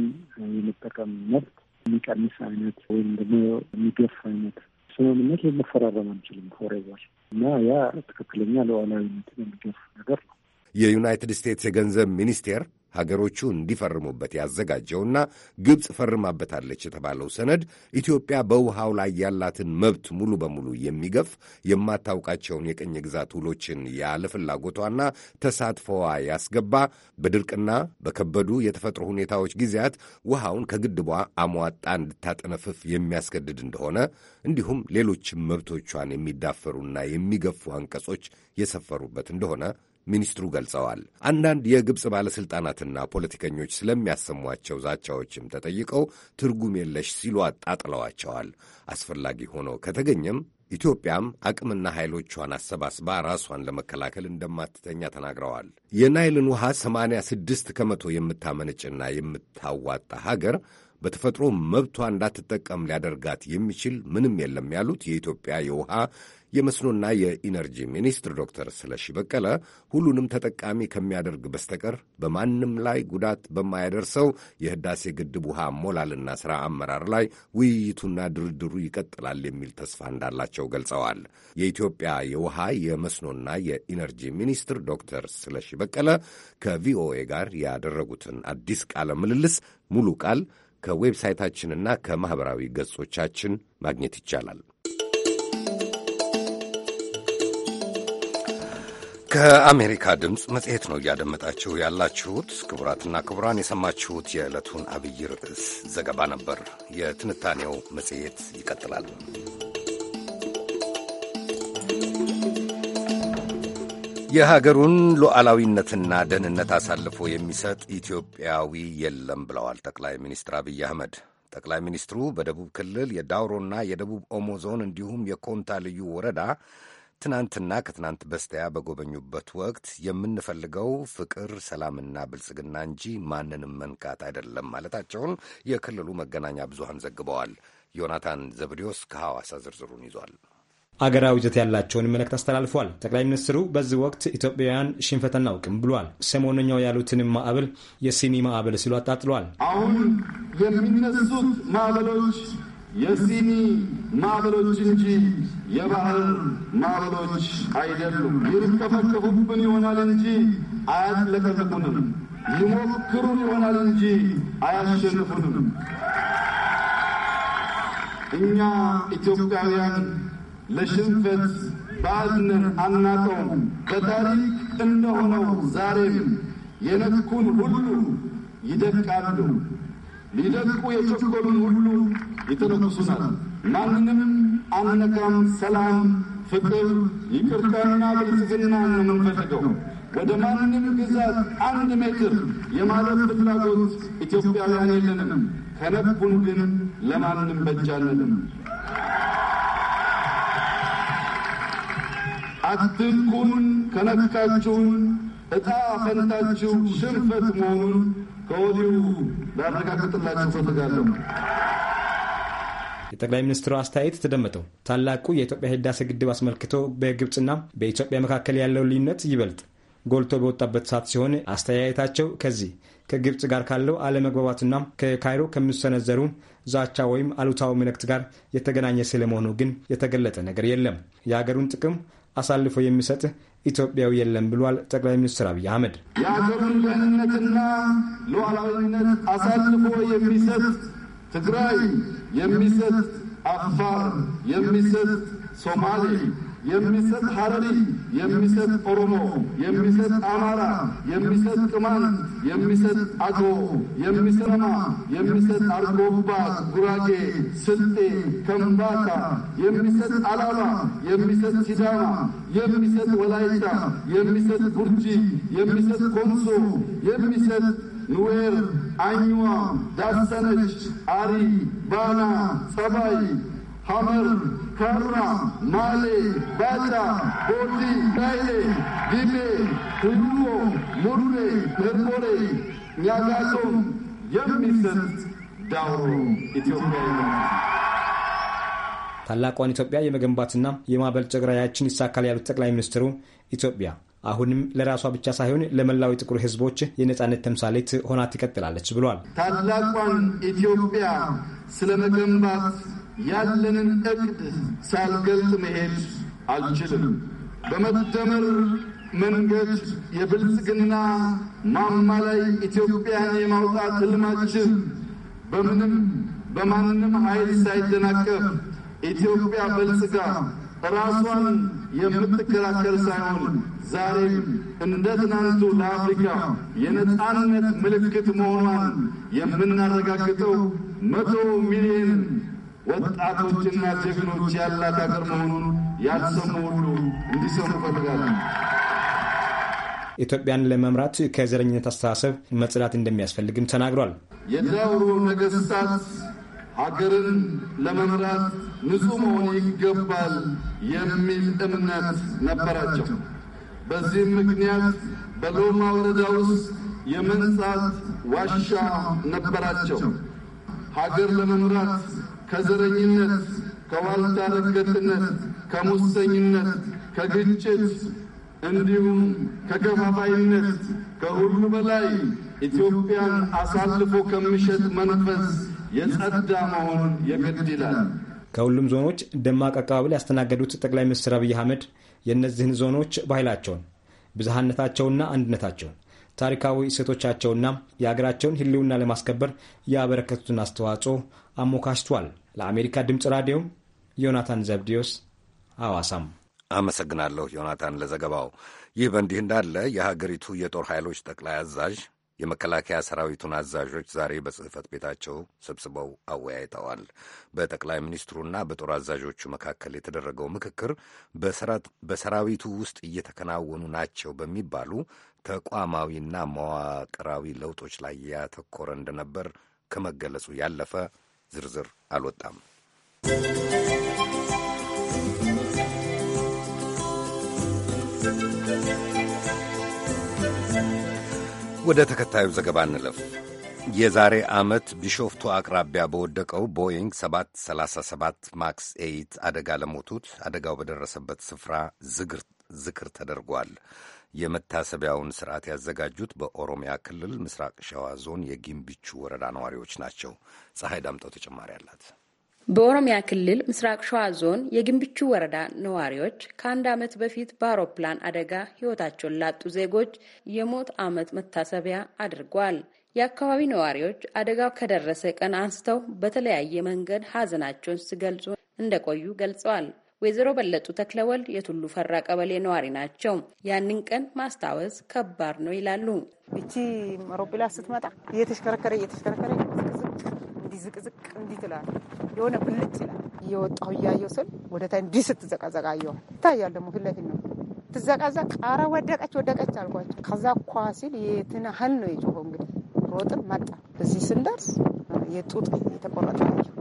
የመጠቀም መብት የሚቀንስ አይነት ወይም ደግሞ የሚገፍ አይነት ስምምነት መፈራረም አንችልም ፎሬቨር እና ያ ትክክለኛ ሉዓላዊነትን የሚገፍ ነገር ነው። የዩናይትድ ስቴትስ የገንዘብ ሚኒስቴር ሀገሮቹ እንዲፈርሙበት ያዘጋጀውና ግብፅ ፈርማበታለች የተባለው ሰነድ ኢትዮጵያ በውሃው ላይ ያላትን መብት ሙሉ በሙሉ የሚገፍ የማታውቃቸውን የቅኝ ግዛት ውሎችን ያለ ፍላጎቷና ተሳትፎዋ ያስገባ በድርቅና በከበዱ የተፈጥሮ ሁኔታዎች ጊዜያት ውሃውን ከግድቧ አሟጣ እንድታጠነፍፍ የሚያስገድድ እንደሆነ እንዲሁም ሌሎችም መብቶቿን የሚዳፈሩና የሚገፉ አንቀጾች የሰፈሩበት እንደሆነ ሚኒስትሩ ገልጸዋል። አንዳንድ የግብፅ ባለሥልጣናትና ፖለቲከኞች ስለሚያሰሟቸው ዛቻዎችም ተጠይቀው ትርጉም የለሽ ሲሉ አጣጥለዋቸዋል። አስፈላጊ ሆኖ ከተገኘም ኢትዮጵያም አቅምና ኃይሎቿን አሰባስባ ራሷን ለመከላከል እንደማትተኛ ተናግረዋል። የናይልን ውሃ 86 ከመቶ የምታመነጭና የምታዋጣ ሀገር በተፈጥሮ መብቷ እንዳትጠቀም ሊያደርጋት የሚችል ምንም የለም ያሉት የኢትዮጵያ የውሃ የመስኖና የኢነርጂ ሚኒስትር ዶክተር ስለሺ በቀለ ሁሉንም ተጠቃሚ ከሚያደርግ በስተቀር በማንም ላይ ጉዳት በማያደርሰው የህዳሴ ግድብ ውሃ ሞላልና ሥራ አመራር ላይ ውይይቱና ድርድሩ ይቀጥላል የሚል ተስፋ እንዳላቸው ገልጸዋል። የኢትዮጵያ የውሃ የመስኖና የኢነርጂ ሚኒስትር ዶክተር ስለሺ በቀለ ከቪኦኤ ጋር ያደረጉትን አዲስ ቃለ ምልልስ ሙሉ ቃል ከዌብሳይታችንና ከማኅበራዊ ገጾቻችን ማግኘት ይቻላል። ከአሜሪካ ድምፅ መጽሔት ነው እያደመጣችሁ ያላችሁት። ክቡራትና ክቡራን የሰማችሁት የዕለቱን አብይ ርዕስ ዘገባ ነበር። የትንታኔው መጽሔት ይቀጥላል። የሀገሩን ሉዓላዊነትና ደህንነት አሳልፎ የሚሰጥ ኢትዮጵያዊ የለም ብለዋል ጠቅላይ ሚኒስትር አብይ አህመድ። ጠቅላይ ሚኒስትሩ በደቡብ ክልል የዳውሮና የደቡብ ኦሞ ዞን እንዲሁም የኮንታ ልዩ ወረዳ ትናንትና ከትናንት በስቲያ በጎበኙበት ወቅት የምንፈልገው ፍቅር፣ ሰላምና ብልጽግና እንጂ ማንንም መንካት አይደለም ማለታቸውን የክልሉ መገናኛ ብዙሃን ዘግበዋል። ዮናታን ዘብዲዮስ ከሐዋሳ ዝርዝሩን ይዟል። አገራዊ ይዘት ያላቸውን መልእክት አስተላልፏል። ጠቅላይ ሚኒስትሩ በዚህ ወቅት ኢትዮጵያውያን ሽንፈት አናውቅም ብሏል። ሰሞነኛው ያሉትንም ማዕበል የሲኒ ማዕበል ሲሉ አጣጥሏል። አሁን የሚነሱት ማዕበሎች የሲኒ ማዕበሎች እንጂ የባህር ማዕበሎች አይደሉም። ይርከፈከፉብን ይሆናል እንጂ አያጥለቀልቁንም። ይሞክሩን ይሆናል እንጂ አያሸንፉንም። እኛ ኢትዮጵያውያን ለሽንፈት ባዕድነን አናቀው በታሪክ እንደሆነው ዛሬም የነኩን ሁሉ ይደቃሉ፣ ሊደቁ የቸኮሉን ሁሉ ይተነኩሱናል። ማንንም አንነካም። ሰላም፣ ፍቅር፣ ይቅርታና ብልጽግና ነው የምንፈልገው። ወደ ማንም ግዛት አንድ ሜትር የማለፍ ፍላጎት ኢትዮጵያውያን የለንም። ከነኩን ግን ለማንም በጃለንም። አትንኩን። ከነካችሁን እጣ ፈንታችሁ ሽንፈት መሆኑን ከወዲሁ ላረጋግጥላችሁ እፈልጋለሁ። የጠቅላይ ሚኒስትሩ አስተያየት ተደመጠው ታላቁ የኢትዮጵያ ህዳሴ ግድብ አስመልክቶ በግብፅና በኢትዮጵያ መካከል ያለው ልዩነት ይበልጥ ጎልቶ በወጣበት ሰዓት ሲሆን አስተያየታቸው ከዚህ ከግብፅ ጋር ካለው አለመግባባትና ከካይሮ ከሚሰነዘሩ ዛቻ ወይም አሉታዊ መልእክት ጋር የተገናኘ ስለመሆኑ ግን የተገለጠ ነገር የለም። የሀገሩን ጥቅም አሳልፎ የሚሰጥ ኢትዮጵያዊ የለም ብሏል ጠቅላይ ሚኒስትር አብይ አህመድ። የሀገሩን ደህንነትና ሉዓላዊነት አሳልፎ የሚሰጥ ትግራይ የሚሰጥ አፋር የሚሰጥ ሶማሌ የሚሰጥ ሐረሪ የሚሰጥ ኦሮሞ የሚሰጥ አማራ የሚሰጥ ቅማንት የሚሰጥ አጆ የሚሰማ የሚሰጥ አርጎባ ጉራጌ ስልጤ ከምባታ የሚሰጥ አላባ የሚሰጥ ሲዳማ የሚሰጥ ወላይታ የሚሰጥ ጉርጂ የሚሰጥ ኮንሶ የሚሰጥ ኑዌር፣ አኝዋ፣ ዳሰነች፣ አሪ፣ ባና፣ ጸባይ፣ ሐመር፣ ከራ፣ ማሌ፣ ባጫ፣ ቦዲ፣ ጋይሌ፣ ዲሌ፣ ህልዎ፣ ሙርሌ፣ ደርቆሌ፣ ኛጋሎም የሚሰጥ ዳውሮ ኢትዮጵያ ታላቋን ኢትዮጵያ የመገንባትና የማበልጸግ ራዕያችን ይሳካል ያሉት ጠቅላይ ሚኒስትሩ ኢትዮጵያ አሁንም ለራሷ ብቻ ሳይሆን ለመላው ጥቁር ህዝቦች የነጻነት ተምሳሌት ሆና ትቀጥላለች ብሏል። ታላቋን ኢትዮጵያ ስለመገንባት ያለንን እቅድ ሳልገልጽ መሄድ አልችልም። በመደመር መንገድ የብልጽግና ማማ ላይ ኢትዮጵያን የማውጣት ህልማችን በምንም በማንም ኃይል ሳይደናቀፍ ኢትዮጵያ በልጽጋ ራሷን የምትከላከል ሳይሆን ዛሬም እንደ ትናንቱ ለአፍሪካ የነፃነት ምልክት መሆኗን የምናረጋግጠው መቶ ሚሊዮን ወጣቶችና ጀግኖች ያላት አገር መሆኑን ያልሰሙ ሁሉ እንዲሰሙ እፈልጋለሁ። ኢትዮጵያን ለመምራት ከዘረኝነት አስተሳሰብ መጽዳት እንደሚያስፈልግም ተናግሯል። የዳውሮ ነገስታት ሀገርን ለመምራት ንጹህ መሆን ይገባል የሚል እምነት ነበራቸው። በዚህም ምክንያት በሎማ ወረዳ ውስጥ የመንጻት ዋሻ ነበራቸው። ሀገር ለመምራት ከዘረኝነት፣ ከዋልታ ረገጥነት፣ ከሙሰኝነት፣ ከግጭት እንዲሁም ከከፋፋይነት ከሁሉ በላይ ኢትዮጵያን አሳልፎ ከሚሸጥ መንፈስ የጸዳ መሆን የግድ ይላል። ከሁሉም ዞኖች ደማቅ አቀባበል ያስተናገዱት ጠቅላይ ሚኒስትር አብይ አህመድ የእነዚህን ዞኖች ባህላቸውን፣ ብዝሃነታቸውና አንድነታቸውን፣ ታሪካዊ እሴቶቻቸውና የአገራቸውን ህልውና ለማስከበር ያበረከቱትን አስተዋጽኦ አሞካሽቷል። ለአሜሪካ ድምፅ ራዲዮ ዮናታን ዘብዲዮስ አዋሳም። አመሰግናለሁ ዮናታን ለዘገባው። ይህ በእንዲህ እንዳለ የሀገሪቱ የጦር ኃይሎች ጠቅላይ አዛዥ የመከላከያ ሰራዊቱን አዛዦች ዛሬ በጽህፈት ቤታቸው ሰብስበው አወያይተዋል። በጠቅላይ ሚኒስትሩና በጦር አዛዦቹ መካከል የተደረገው ምክክር በሰራዊቱ ውስጥ እየተከናወኑ ናቸው በሚባሉ ተቋማዊና መዋቅራዊ ለውጦች ላይ ያተኮረ እንደነበር ከመገለጹ ያለፈ ዝርዝር አልወጣም። ወደ ተከታዩ ዘገባ እንለፍ። የዛሬ ዓመት ቢሾፍቱ አቅራቢያ በወደቀው ቦይንግ 737 ማክስ ኤይት አደጋ ለሞቱት አደጋው በደረሰበት ስፍራ ዝክር ተደርጓል። የመታሰቢያውን ስርዓት ያዘጋጁት በኦሮሚያ ክልል ምስራቅ ሸዋ ዞን የጊምቢቹ ወረዳ ነዋሪዎች ናቸው። ፀሐይ ዳምጠው ተጨማሪ አላት። በኦሮሚያ ክልል ምስራቅ ሸዋ ዞን የግንብቹ ወረዳ ነዋሪዎች ከአንድ ዓመት በፊት በአውሮፕላን አደጋ ሕይወታቸውን ላጡ ዜጎች የሞት ዓመት መታሰቢያ አድርጓል። የአካባቢ ነዋሪዎች አደጋው ከደረሰ ቀን አንስተው በተለያየ መንገድ ሐዘናቸውን ሲገልጹ እንደቆዩ ገልጸዋል። ወይዘሮ በለጡ ተክለወልድ የቱሉ ፈራ ቀበሌ ነዋሪ ናቸው። ያንን ቀን ማስታወስ ከባድ ነው ይላሉ። እቺ አውሮፕላን ስትመጣ እየተሽከረከረ እየተሽከረከረ እንዲህ ዝቅዝቅ እንዲህ ትላል፣ የሆነ ብልጭ ይላል። እየወጣሁ እያየሁ ስል ወደ ታይ እንዲህ ስትዘቀዘቅ አየኋል። ይታያል ደግሞ ፊት ለፊት ነው ትዘቀዘቅ። አረ ወደቀች ወደቀች አልኳቸው። ከዛ እኳ ሲል የትን ህል ነው የጮኸው። እንግዲህ ሮጥን መጣ። እዚህ ስንደርስ የጡጥ የተቆረጠ ናቸው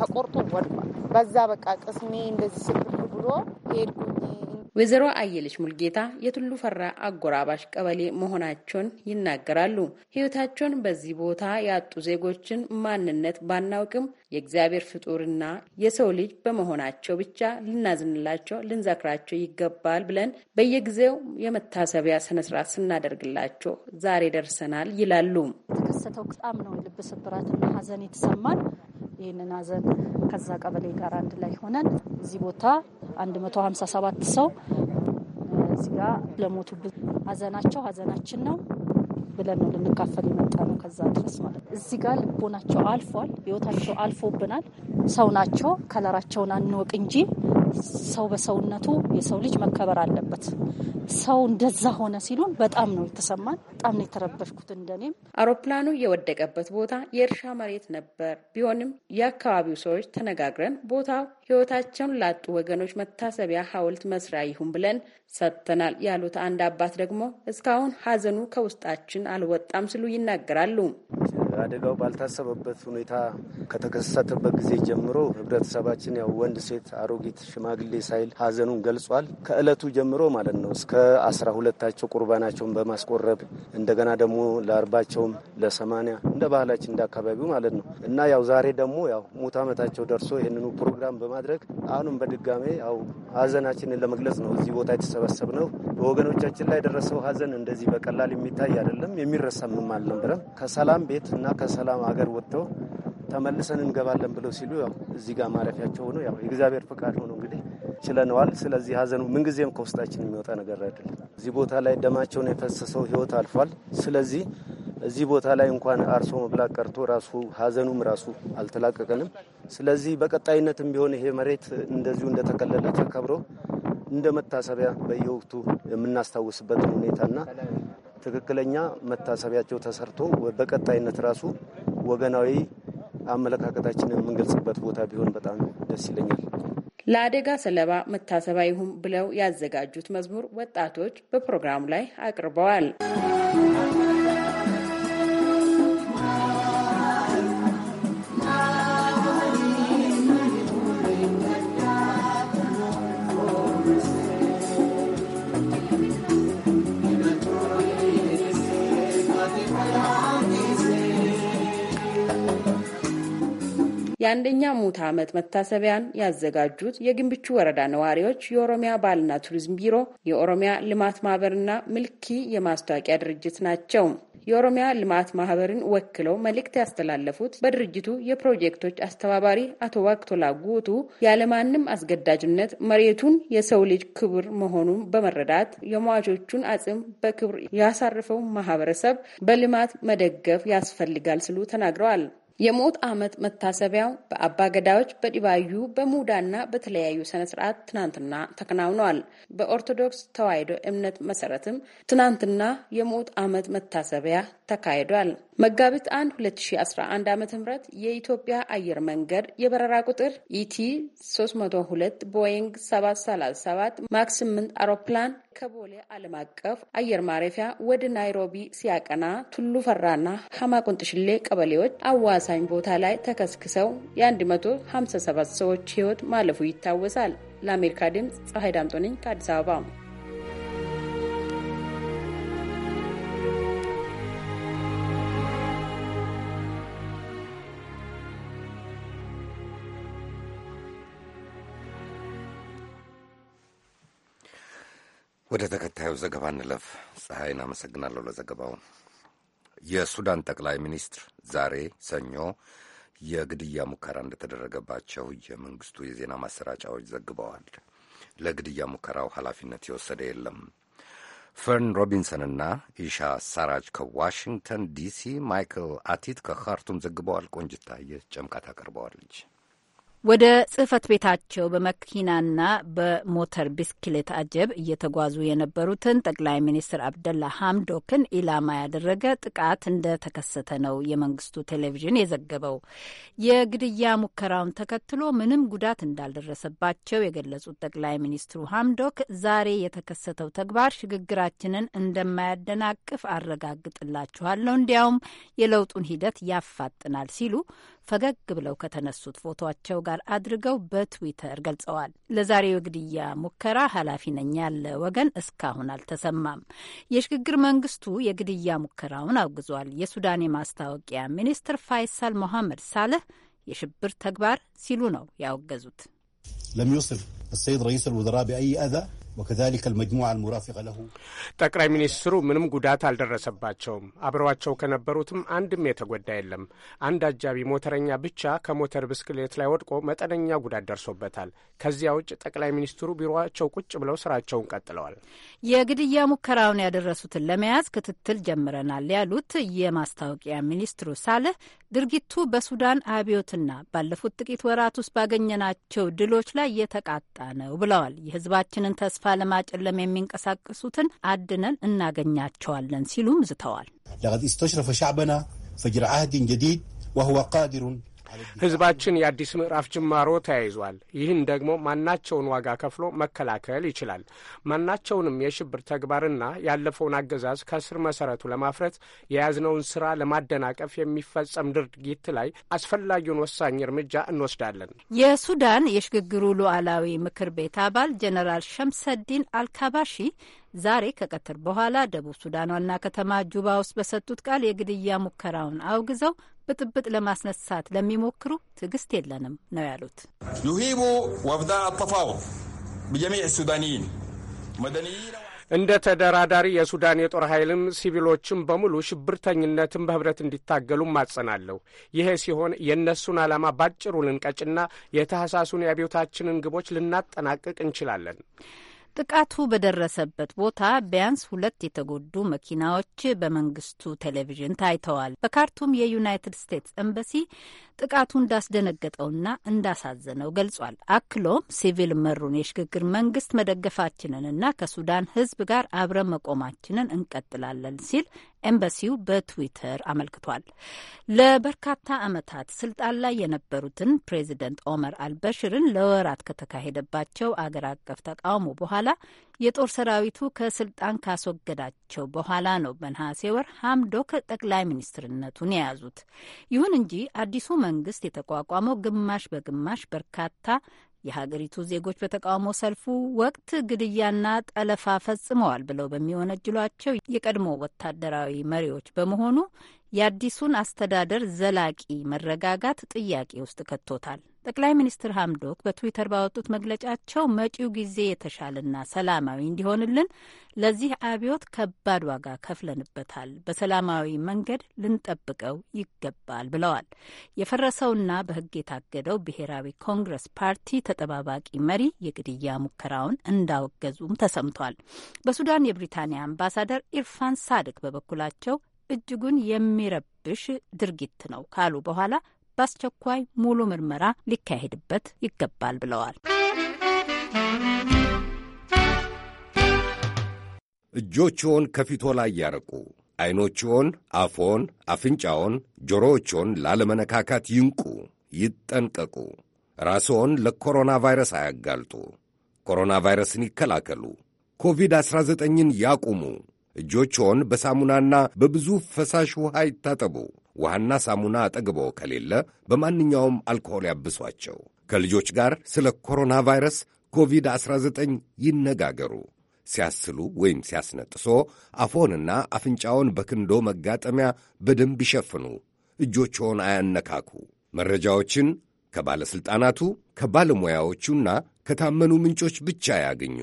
ተቆርጦ ወድቋል። በዛ በቃ ቅስሜ እንደዚህ ስብር ብሎ ሄድኩኝ። ወይዘሮ አየለች ሙልጌታ የቱሉ ፈራ አጎራባሽ ቀበሌ መሆናቸውን ይናገራሉ። ሕይወታቸውን በዚህ ቦታ ያጡ ዜጎችን ማንነት ባናውቅም የእግዚአብሔር ፍጡርና የሰው ልጅ በመሆናቸው ብቻ ልናዝንላቸው፣ ልንዘክራቸው ይገባል ብለን በየጊዜው የመታሰቢያ ስነስርዓት ስናደርግላቸው ዛሬ ደርሰናል ይላሉ። የተከሰተው ቅጣም ነው ልብ ስብራትና ሀዘን የተሰማን ይህንን ሀዘን ከዛ ቀበሌ ጋር አንድ ላይ ሆነን እዚህ ቦታ 157 ሰው እዚህ ጋር ለሞቱብን ሀዘናቸው ሀዘናችን ነው ብለን ነው ልንካፈል የመጣ ነው። ከዛ ድረስ ማለት ነው። እዚህ ጋር ልቦናቸው አልፏል፣ ህይወታቸው አልፎብናል። ሰው ናቸው። ከለራቸውን አንወቅ እንጂ ሰው በሰውነቱ የሰው ልጅ መከበር አለበት። ሰው እንደዛ ሆነ ሲሉን በጣም ነው የተሰማን። በጣም ነው የተረበሽኩት። እንደኔም አውሮፕላኑ የወደቀበት ቦታ የእርሻ መሬት ነበር። ቢሆንም የአካባቢው ሰዎች ተነጋግረን ቦታው ሕይወታቸውን ላጡ ወገኖች መታሰቢያ ሐውልት መስሪያ ይሁን ብለን ሰጥተናል ያሉት አንድ አባት ደግሞ እስካሁን ሀዘኑ ከውስጣችን አልወጣም ሲሉ ይናገራሉ። አደጋው ባልታሰበበት ሁኔታ ከተከሰተበት ጊዜ ጀምሮ ህብረተሰባችን ያው ወንድ፣ ሴት፣ አሮጊት፣ ሽማግሌ ሳይል ሀዘኑን ገልጿል። ከእለቱ ጀምሮ ማለት ነው እስከ አስራ ሁለታቸው ቁርባናቸውን በማስቆረብ እንደገና ደግሞ ለአርባቸውም ለሰማኒያ እንደ ባህላችን እንደ አካባቢው ማለት ነው እና ያው ዛሬ ደግሞ ያው ሙት ዓመታቸው ደርሶ ይህንኑ ፕሮግራም በማድረግ አሁንም በድጋሜ ያው ሀዘናችንን ለመግለጽ ነው እዚህ ቦታ የተሰበሰብ ነው። በወገኖቻችን ላይ የደረሰው ሀዘን እንደዚህ በቀላል የሚታይ አይደለም፣ የሚረሳምም አልነበረም። ከሰላም ቤት እና ከሰላም ሀገር ወጥተው ተመልሰን እንገባለን ብለው ሲሉ ያው እዚህ ጋር ማረፊያቸው ሆኖ ያው የእግዚአብሔር ፍቃድ ሆኖ እንግዲህ ችለነዋል። ስለዚህ ሀዘኑ ምንጊዜም ከውስጣችን የሚወጣ ነገር አይደለም። እዚህ ቦታ ላይ ደማቸውን የፈሰሰው ህይወት አልፏል። ስለዚህ እዚህ ቦታ ላይ እንኳን አርሶ መብላት ቀርቶ ራሱ ሀዘኑም ራሱ አልተላቀቀንም። ስለዚህ በቀጣይነትም ቢሆን ይሄ መሬት እንደዚሁ እንደተከለለ ተከብሮ እንደ መታሰቢያ በየወቅቱ የምናስታውስበትን ሁኔታና ትክክለኛ መታሰቢያቸው ተሰርቶ በቀጣይነት ራሱ ወገናዊ አመለካከታችንን የምንገልጽበት ቦታ ቢሆን በጣም ደስ ይለኛል። ለአደጋ ሰለባ መታሰቢያ ይሁን ብለው ያዘጋጁት መዝሙር ወጣቶች በፕሮግራሙ ላይ አቅርበዋል። የአንደኛ ሙት ዓመት መታሰቢያን ያዘጋጁት የግንብቹ ወረዳ ነዋሪዎች፣ የኦሮሚያ ባህልና ቱሪዝም ቢሮ፣ የኦሮሚያ ልማት ማህበርና ምልኪ የማስታወቂያ ድርጅት ናቸው። የኦሮሚያ ልማት ማህበርን ወክለው መልእክት ያስተላለፉት በድርጅቱ የፕሮጀክቶች አስተባባሪ አቶ ዋቅቶላ ጉቱ ያለማንም አስገዳጅነት መሬቱን የሰው ልጅ ክቡር መሆኑን በመረዳት የሟቾቹን አጽም በክብር ያሳረፈው ማህበረሰብ በልማት መደገፍ ያስፈልጋል ሲሉ ተናግረዋል። የሞት ዓመት መታሰቢያው ገዳዮች በዲባዩ በሙዳና በተለያዩ ስነ ስርዓት ትናንትና ተከናውነዋል። በኦርቶዶክስ ተዋሕዶ እምነት መሰረትም ትናንትና የሞት ዓመት መታሰቢያ ተካሂዷል። መጋቢት 1 2011 ዓ ም የኢትዮጵያ አየር መንገድ የበረራ ቁጥር ኢቲ 302 ቦይንግ 737 ማክስ 8 አውሮፕላን ከቦሌ ዓለም አቀፍ አየር ማረፊያ ወደ ናይሮቢ ሲያቀና ቱሉ ፈራና ሐማቁንጥሽሌ ቀበሌዎች አዋሳኝ ቦታ ላይ ተከስክሰው የ157 ሰዎች ሕይወት ማለፉ ይታወሳል። ለአሜሪካ ድምፅ ፀሐይ ዳምጦ ነኝ ከአዲስ አበባ። ወደ ተከታዩ ዘገባ እንለፍ። ፀሐይን አመሰግናለሁ ለዘገባው። የሱዳን ጠቅላይ ሚኒስትር ዛሬ ሰኞ የግድያ ሙከራ እንደተደረገባቸው የመንግስቱ የዜና ማሰራጫዎች ዘግበዋል። ለግድያ ሙከራው ኃላፊነት የወሰደ የለም። ፈርን ሮቢንሰንና ኢሻ ሳራጅ ከዋሽንግተን ዲሲ፣ ማይክል አቲት ከካርቱም ዘግበዋል። ቆንጅታየ ጨምቃ ታቀርበዋለች። ወደ ጽህፈት ቤታቸው በመኪናና በሞተር ብስክሌት አጀብ እየተጓዙ የነበሩትን ጠቅላይ ሚኒስትር አብደላ ሀምዶክን ኢላማ ያደረገ ጥቃት እንደተከሰተ ነው የመንግስቱ ቴሌቪዥን የዘገበው። የግድያ ሙከራውን ተከትሎ ምንም ጉዳት እንዳልደረሰባቸው የገለጹት ጠቅላይ ሚኒስትሩ ሀምዶክ ዛሬ የተከሰተው ተግባር ሽግግራችንን እንደማያደናቅፍ አረጋግጥላችኋለሁ፣ እንዲያውም የለውጡን ሂደት ያፋጥናል ሲሉ ፈገግ ብለው ከተነሱት ፎቶቸው ጋር አድርገው በትዊተር ገልጸዋል። ለዛሬው ግድያ ሙከራ ኃላፊ ነኝ ያለ ወገን እስካሁን አልተሰማም። የሽግግር መንግስቱ የግድያ ሙከራውን አውግዟል። የሱዳን የማስታወቂያ ሚኒስትር ፋይሳል ሞሐመድ ሳለህ የሽብር ተግባር ሲሉ ነው ያወገዙት። ለም ዩስፍ ሰይድ ረይስ ልውዘራ ብአይ አዛ ጠቅላይ ሚኒስትሩ ምንም ጉዳት አልደረሰባቸውም። አብረዋቸው ከነበሩትም አንድም የተጎዳ የለም። አንድ አጃቢ ሞተረኛ ብቻ ከሞተር ብስክሌት ላይ ወድቆ መጠነኛ ጉዳት ደርሶበታል። ከዚያ ውጭ ጠቅላይ ሚኒስትሩ ቢሮቸው ቁጭ ብለው ስራቸውን ቀጥለዋል። የግድያ ሙከራውን ያደረሱትን ለመያዝ ክትትል ጀምረናል ያሉት የማስታወቂያ ሚኒስትሩ ሳልህ ድርጊቱ በሱዳን አብዮትና ባለፉት ጥቂት ወራት ውስጥ ባገኘናቸው ድሎች ላይ የተቃጣ ነው ብለዋል። የህዝባችንን ተስፋ ተስፋ ለማጨለም የሚንቀሳቀሱትን አድነን እናገኛቸዋለን ሲሉም ዝተዋል። ለቀድ ስተሽረፈ ሻዕበና ፈጅር ዓህድን ጀዲድ ወሁወ ቃዲሩን ህዝባችን የአዲስ ምዕራፍ ጅማሮ ተያይዟል። ይህን ደግሞ ማናቸውን ዋጋ ከፍሎ መከላከል ይችላል። ማናቸውንም የሽብር ተግባርና ያለፈውን አገዛዝ ከስር መሰረቱ ለማፍረት የያዝነውን ስራ ለማደናቀፍ የሚፈጸም ድርጊት ላይ አስፈላጊውን ወሳኝ እርምጃ እንወስዳለን። የሱዳን የሽግግሩ ሉዓላዊ ምክር ቤት አባል ጀነራል ሸምሰዲን አልካባሺ ዛሬ ከቀትር በኋላ ደቡብ ሱዳን ዋና ከተማ ጁባ ውስጥ በሰጡት ቃል የግድያ ሙከራውን አውግዘው ብጥብጥ ለማስነሳት ለሚሞክሩ ትዕግስት የለንም ነው ያሉት። ዩሂቡ ወፍዳ አተፋውድ ብጀሚዕ ሱዳንይን እንደ ተደራዳሪ የሱዳን የጦር ኃይልም ሲቪሎችም በሙሉ ሽብርተኝነትን በህብረት እንዲታገሉ ማጸናለሁ። ይሄ ሲሆን የእነሱን ዓላማ ባጭሩ ልንቀጭና የታህሳሱን የአብዮታችንን ግቦች ልናጠናቅቅ እንችላለን። ጥቃቱ በደረሰበት ቦታ ቢያንስ ሁለት የተጎዱ መኪናዎች በመንግስቱ ቴሌቪዥን ታይተዋል። በካርቱም የዩናይትድ ስቴትስ ኤምባሲ ጥቃቱ እንዳስደነገጠውና እንዳሳዘነው ገልጿል። አክሎም ሲቪል መሩን የሽግግር መንግስት መደገፋችንንና ከሱዳን ሕዝብ ጋር አብረ መቆማችንን እንቀጥላለን ሲል ኤምባሲው በትዊተር አመልክቷል። ለበርካታ ዓመታት ስልጣን ላይ የነበሩትን ፕሬዚደንት ኦመር አልበሽርን ለወራት ከተካሄደባቸው አገር አቀፍ ተቃውሞ በኋላ የጦር ሰራዊቱ ከስልጣን ካስወገዳቸው በኋላ ነው በነሐሴ ወር ሀምዶክ ጠቅላይ ሚኒስትርነቱን የያዙት። ይሁን እንጂ አዲሱ መንግስት የተቋቋመው ግማሽ በግማሽ በርካታ የሀገሪቱ ዜጎች በተቃውሞ ሰልፉ ወቅት ግድያና ጠለፋ ፈጽመዋል ብለው በሚወነጅሏቸው የቀድሞ ወታደራዊ መሪዎች በመሆኑ የአዲሱን አስተዳደር ዘላቂ መረጋጋት ጥያቄ ውስጥ ከቶታል። ጠቅላይ ሚኒስትር ሀምዶክ በትዊተር ባወጡት መግለጫቸው መጪው ጊዜ የተሻለና ሰላማዊ እንዲሆንልን ለዚህ አብዮት ከባድ ዋጋ ከፍለንበታል፣ በሰላማዊ መንገድ ልንጠብቀው ይገባል ብለዋል። የፈረሰውና በሕግ የታገደው ብሔራዊ ኮንግረስ ፓርቲ ተጠባባቂ መሪ የግድያ ሙከራውን እንዳወገዙም ተሰምቷል። በሱዳን የብሪታንያ አምባሳደር ኢርፋን ሳድቅ በበኩላቸው እጅጉን የሚረብሽ ድርጊት ነው ካሉ በኋላ በአስቸኳይ ሙሉ ምርመራ ሊካሄድበት ይገባል ብለዋል። እጆችዎን ከፊቶ ላይ ያረቁ። ዐይኖችዎን፣ አፎን፣ አፍንጫዎን፣ ጆሮዎችዎን ላለመነካካት ይንቁ፣ ይጠንቀቁ። ራስዎን ለኮሮና ቫይረስ አያጋልጡ። ኮሮና ቫይረስን ይከላከሉ። ኮቪድ-19ን ያቁሙ። እጆችዎን በሳሙናና በብዙ ፈሳሽ ውሃ ይታጠቡ። ውሃና ሳሙና አጠግቦ ከሌለ በማንኛውም አልኮሆል ያብሷቸው። ከልጆች ጋር ስለ ኮሮና ቫይረስ ኮቪድ-19 ይነጋገሩ። ሲያስሉ ወይም ሲያስነጥሶ አፎንና አፍንጫውን በክንዶ መጋጠሚያ በደንብ ይሸፍኑ። እጆችዎን አያነካኩ። መረጃዎችን ከባለሥልጣናቱ ከባለሙያዎቹና ከታመኑ ምንጮች ብቻ ያገኙ።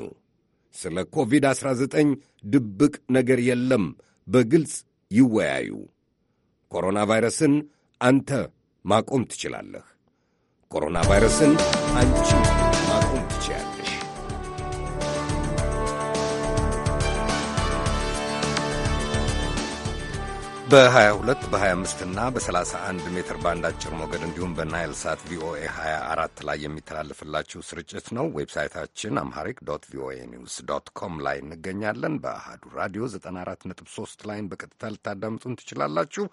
ስለ ኮቪድ-19 ድብቅ ነገር የለም፣ በግልጽ ይወያዩ። ኮሮና ቫይረስን አንተ ማቆም ትችላለህ። ኮሮና ቫይረስን አንቺ በ22 በ25 እና በ31 ሜትር ባንድ አጭር ሞገድ እንዲሁም በናይል ሳት ቪኦኤ 24 ላይ የሚተላለፍላችሁ ስርጭት ነው። ዌብሳይታችን አምሃሪክ ዶት ቪኦኤ ኒውስ ዶት ኮም ላይ እንገኛለን። በአሃዱ ራዲዮ 94.3 ላይን በቀጥታ ልታዳምጡን ትችላላችሁ።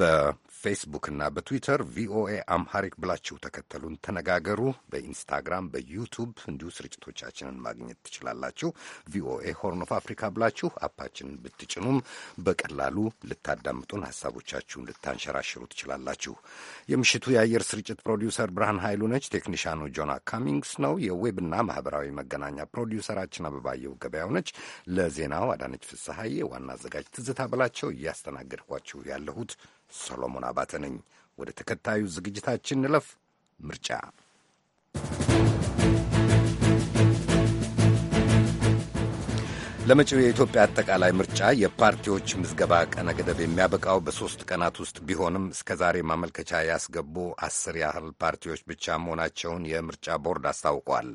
በፌስቡክና በትዊተር ቪኦኤ አምሃሪክ ብላችሁ ተከተሉን፣ ተነጋገሩ። በኢንስታግራም በዩቱብ እንዲሁ ስርጭቶቻችንን ማግኘት ትችላላችሁ። ቪኦኤ ሆርን ኦፍ አፍሪካ ብላችሁ አፓችንን ብትጭኑም በቀላሉ ልታዳ ልታዳምጡን፣ ሀሳቦቻችሁን ልታንሸራሽሩ ትችላላችሁ። የምሽቱ የአየር ስርጭት ፕሮዲውሰር ብርሃን ኃይሉ ነች። ቴክኒሻኑ ጆና ካሚንግስ ነው። የዌብና ማህበራዊ መገናኛ ፕሮዲውሰራችን አበባየው ገበያው ነች። ለዜናው አዳነች ፍስሐዬ፣ ዋና አዘጋጅ ትዝታ ብላቸው፣ እያስተናገድኳችሁ ያለሁት ሰሎሞን አባተ ነኝ። ወደ ተከታዩ ዝግጅታችን እንለፍ። ምርጫ ለመጪው የኢትዮጵያ አጠቃላይ ምርጫ የፓርቲዎች ምዝገባ ቀነ ገደብ የሚያበቃው በሦስት ቀናት ውስጥ ቢሆንም እስከ ዛሬ ማመልከቻ ያስገቡ አስር ያህል ፓርቲዎች ብቻ መሆናቸውን የምርጫ ቦርድ አስታውቋል።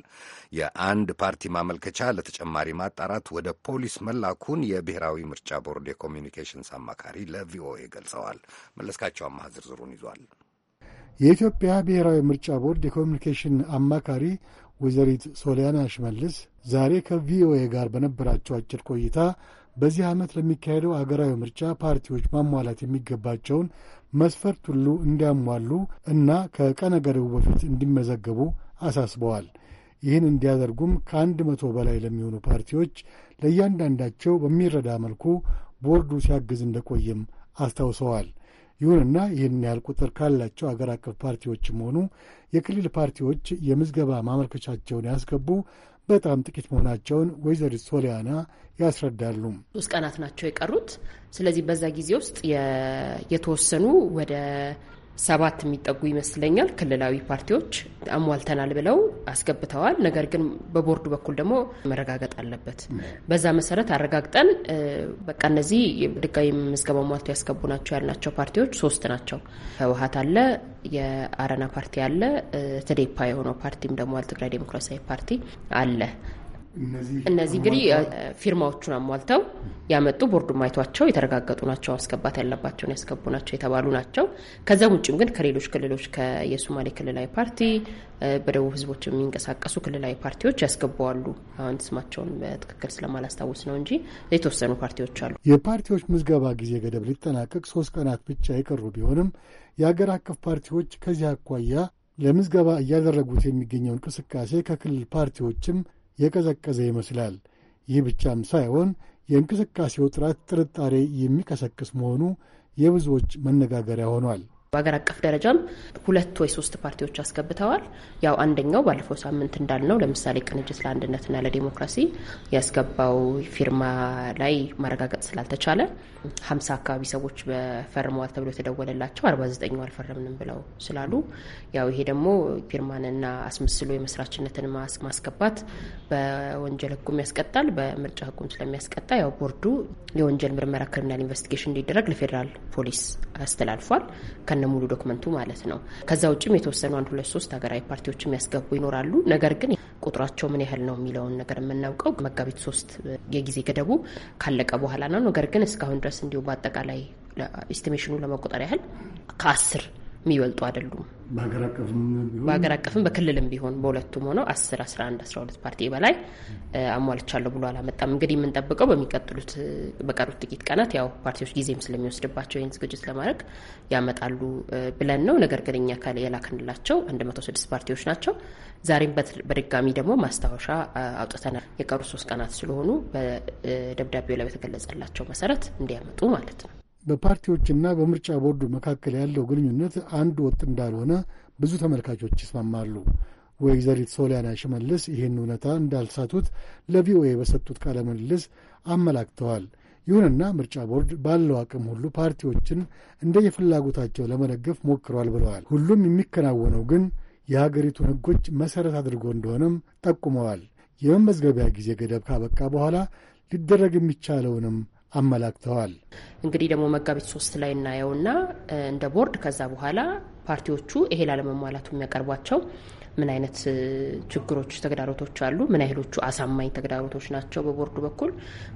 የአንድ ፓርቲ ማመልከቻ ለተጨማሪ ማጣራት ወደ ፖሊስ መላኩን የብሔራዊ ምርጫ ቦርድ የኮሚኒኬሽንስ አማካሪ ለቪኦኤ ገልጸዋል። መለስካቸው አማሃ ዝርዝሩን ይዟል። የኢትዮጵያ ብሔራዊ ምርጫ ቦርድ የኮሚኒኬሽን አማካሪ ወይዘሪት ሶሊያና ሽመልስ ዛሬ ከቪኦኤ ጋር በነበራቸው አጭር ቆይታ በዚህ ዓመት ለሚካሄደው አገራዊ ምርጫ ፓርቲዎች ማሟላት የሚገባቸውን መስፈርት ሁሉ እንዲያሟሉ እና ከቀነ ገደቡ በፊት እንዲመዘገቡ አሳስበዋል። ይህን እንዲያደርጉም ከአንድ መቶ በላይ ለሚሆኑ ፓርቲዎች ለእያንዳንዳቸው በሚረዳ መልኩ ቦርዱ ሲያግዝ እንደቆየም አስታውሰዋል። ይሁንና ይህን ያህል ቁጥር ካላቸው አገር አቀፍ ፓርቲዎችም ሆኑ የክልል ፓርቲዎች የምዝገባ ማመልከቻቸውን ያስገቡ በጣም ጥቂት መሆናቸውን ወይዘሪት ሶሊያና ያስረዳሉ። ሶስት ቀናት ናቸው የቀሩት። ስለዚህ በዛ ጊዜ ውስጥ የተወሰኑ ወደ ሰባት የሚጠጉ ይመስለኛል ክልላዊ ፓርቲዎች አሟልተናል ብለው አስገብተዋል። ነገር ግን በቦርዱ በኩል ደግሞ መረጋገጥ አለበት። በዛ መሰረት አረጋግጠን በቃ እነዚህ ድጋሚ ምዝገባ ሟልቶ ያስገቡ ናቸው ያልናቸው ፓርቲዎች ሶስት ናቸው። ህወሀት አለ፣ የአረና ፓርቲ አለ፣ ትዴፓ የሆነው ፓርቲም ደግሞ ትግራይ ዴሞክራሲያዊ ፓርቲ አለ። እነዚህ እንግዲህ ፊርማዎቹን አሟልተው ያመጡ ቦርዱ ማይቷቸው የተረጋገጡ ናቸው። አስገባት ያለባቸውን ያስገቡ ናቸው የተባሉ ናቸው። ከዚያም ውጭም ግን ከሌሎች ክልሎች ከየሶማሌ ክልላዊ ፓርቲ፣ በደቡብ ህዝቦች የሚንቀሳቀሱ ክልላዊ ፓርቲዎች ያስገባዋሉ። አሁን ስማቸውን በትክክል ስለማላስታውስ ነው እንጂ የተወሰኑ ፓርቲዎች አሉ። የፓርቲዎች ምዝገባ ጊዜ ገደብ ሊጠናቀቅ ሶስት ቀናት ብቻ የቀሩ ቢሆንም የአገር አቀፍ ፓርቲዎች ከዚህ አኳያ ለምዝገባ እያደረጉት የሚገኘው እንቅስቃሴ ከክልል ፓርቲዎችም የቀዘቀዘ ይመስላል። ይህ ብቻም ሳይሆን የእንቅስቃሴው ጥራት ጥርጣሬ የሚቀሰቅስ መሆኑ የብዙዎች መነጋገሪያ ሆኗል። በሀገር አቀፍ ደረጃም ሁለት ወይ ሶስት ፓርቲዎች አስገብተዋል። ያው አንደኛው ባለፈው ሳምንት እንዳልነው ለምሳሌ ቅንጅት ለአንድነትና ለዲሞክራሲ ያስገባው ፊርማ ላይ ማረጋገጥ ስላልተቻለ ሀምሳ አካባቢ ሰዎች በፈርመዋል ተብሎ የተደወለላቸው አርባ ዘጠኙ አልፈረምንም ብለው ስላሉ ያው ይሄ ደግሞ ፊርማንና አስመስሎ የመስራችነትን ማስገባት በወንጀል ህጉም ያስቀጣል፣ በምርጫ ህጉም ስለሚያስቀጣ ያው ቦርዱ የወንጀል ምርመራ ክሪሚናል ኢንቨስቲጌሽን እንዲደረግ ለፌዴራል ፖሊስ አስተላልፏል። ከነ ሙሉ ዶክመንቱ ማለት ነው። ከዛ ውጭም የተወሰኑ አንድ ሁለት ሶስት ሀገራዊ ፓርቲዎች የሚያስገቡ ይኖራሉ። ነገር ግን ቁጥራቸው ምን ያህል ነው የሚለውን ነገር የምናውቀው መጋቢት ሶስት የጊዜ ገደቡ ካለቀ በኋላ ነው። ነገር ግን እስካሁን ድረስ እንዲሁ በአጠቃላይ ኢስቲሜሽኑ ለመቆጠር ያህል ከአስር የሚበልጡ አይደሉም። በሀገር አቀፍም በክልልም ቢሆን በሁለቱም ሆነው አስር አስራ አንድ አስራ ሁለት ፓርቲ በላይ አሟልቻለሁ ብሎ አላመጣም። እንግዲህ የምንጠብቀው በሚቀጥሉት በቀሩት ጥቂት ቀናት ያው ፓርቲዎች ጊዜም ስለሚወስድባቸው ይህን ዝግጅት ለማድረግ ያመጣሉ ብለን ነው። ነገር ግን እኛ የላክንላቸው አንድ መቶ ስድስት ፓርቲዎች ናቸው። ዛሬም በድጋሚ ደግሞ ማስታወሻ አውጥተናል። የቀሩት ሶስት ቀናት ስለሆኑ በደብዳቤው ላይ በተገለጸላቸው መሰረት እንዲያመጡ ማለት ነው። በፓርቲዎችና በምርጫ ቦርዱ መካከል ያለው ግንኙነት አንድ ወጥ እንዳልሆነ ብዙ ተመልካቾች ይስማማሉ። ወይዘሪት ሶሊያና ሽመልስ ይህን እውነታ እንዳልሳቱት ለቪኦኤ በሰጡት ቃለ ምልልስ አመላክተዋል። ይሁንና ምርጫ ቦርድ ባለው አቅም ሁሉ ፓርቲዎችን እንደየፍላጎታቸው ለመደገፍ ሞክሯል ብለዋል። ሁሉም የሚከናወነው ግን የሀገሪቱን ሕጎች መሠረት አድርጎ እንደሆነም ጠቁመዋል። የመመዝገቢያ ጊዜ ገደብ ካበቃ በኋላ ሊደረግ የሚቻለውንም አመላክተዋል። እንግዲህ ደግሞ መጋቢት ሶስት ላይ እናየውና እንደ ቦርድ ከዛ በኋላ ፓርቲዎቹ ይሄ ላለመሟላቱ የሚያቀርቧቸው ምን አይነት ችግሮች፣ ተግዳሮቶች አሉ፣ ምን ያህሎቹ አሳማኝ ተግዳሮቶች ናቸው በቦርዱ በኩል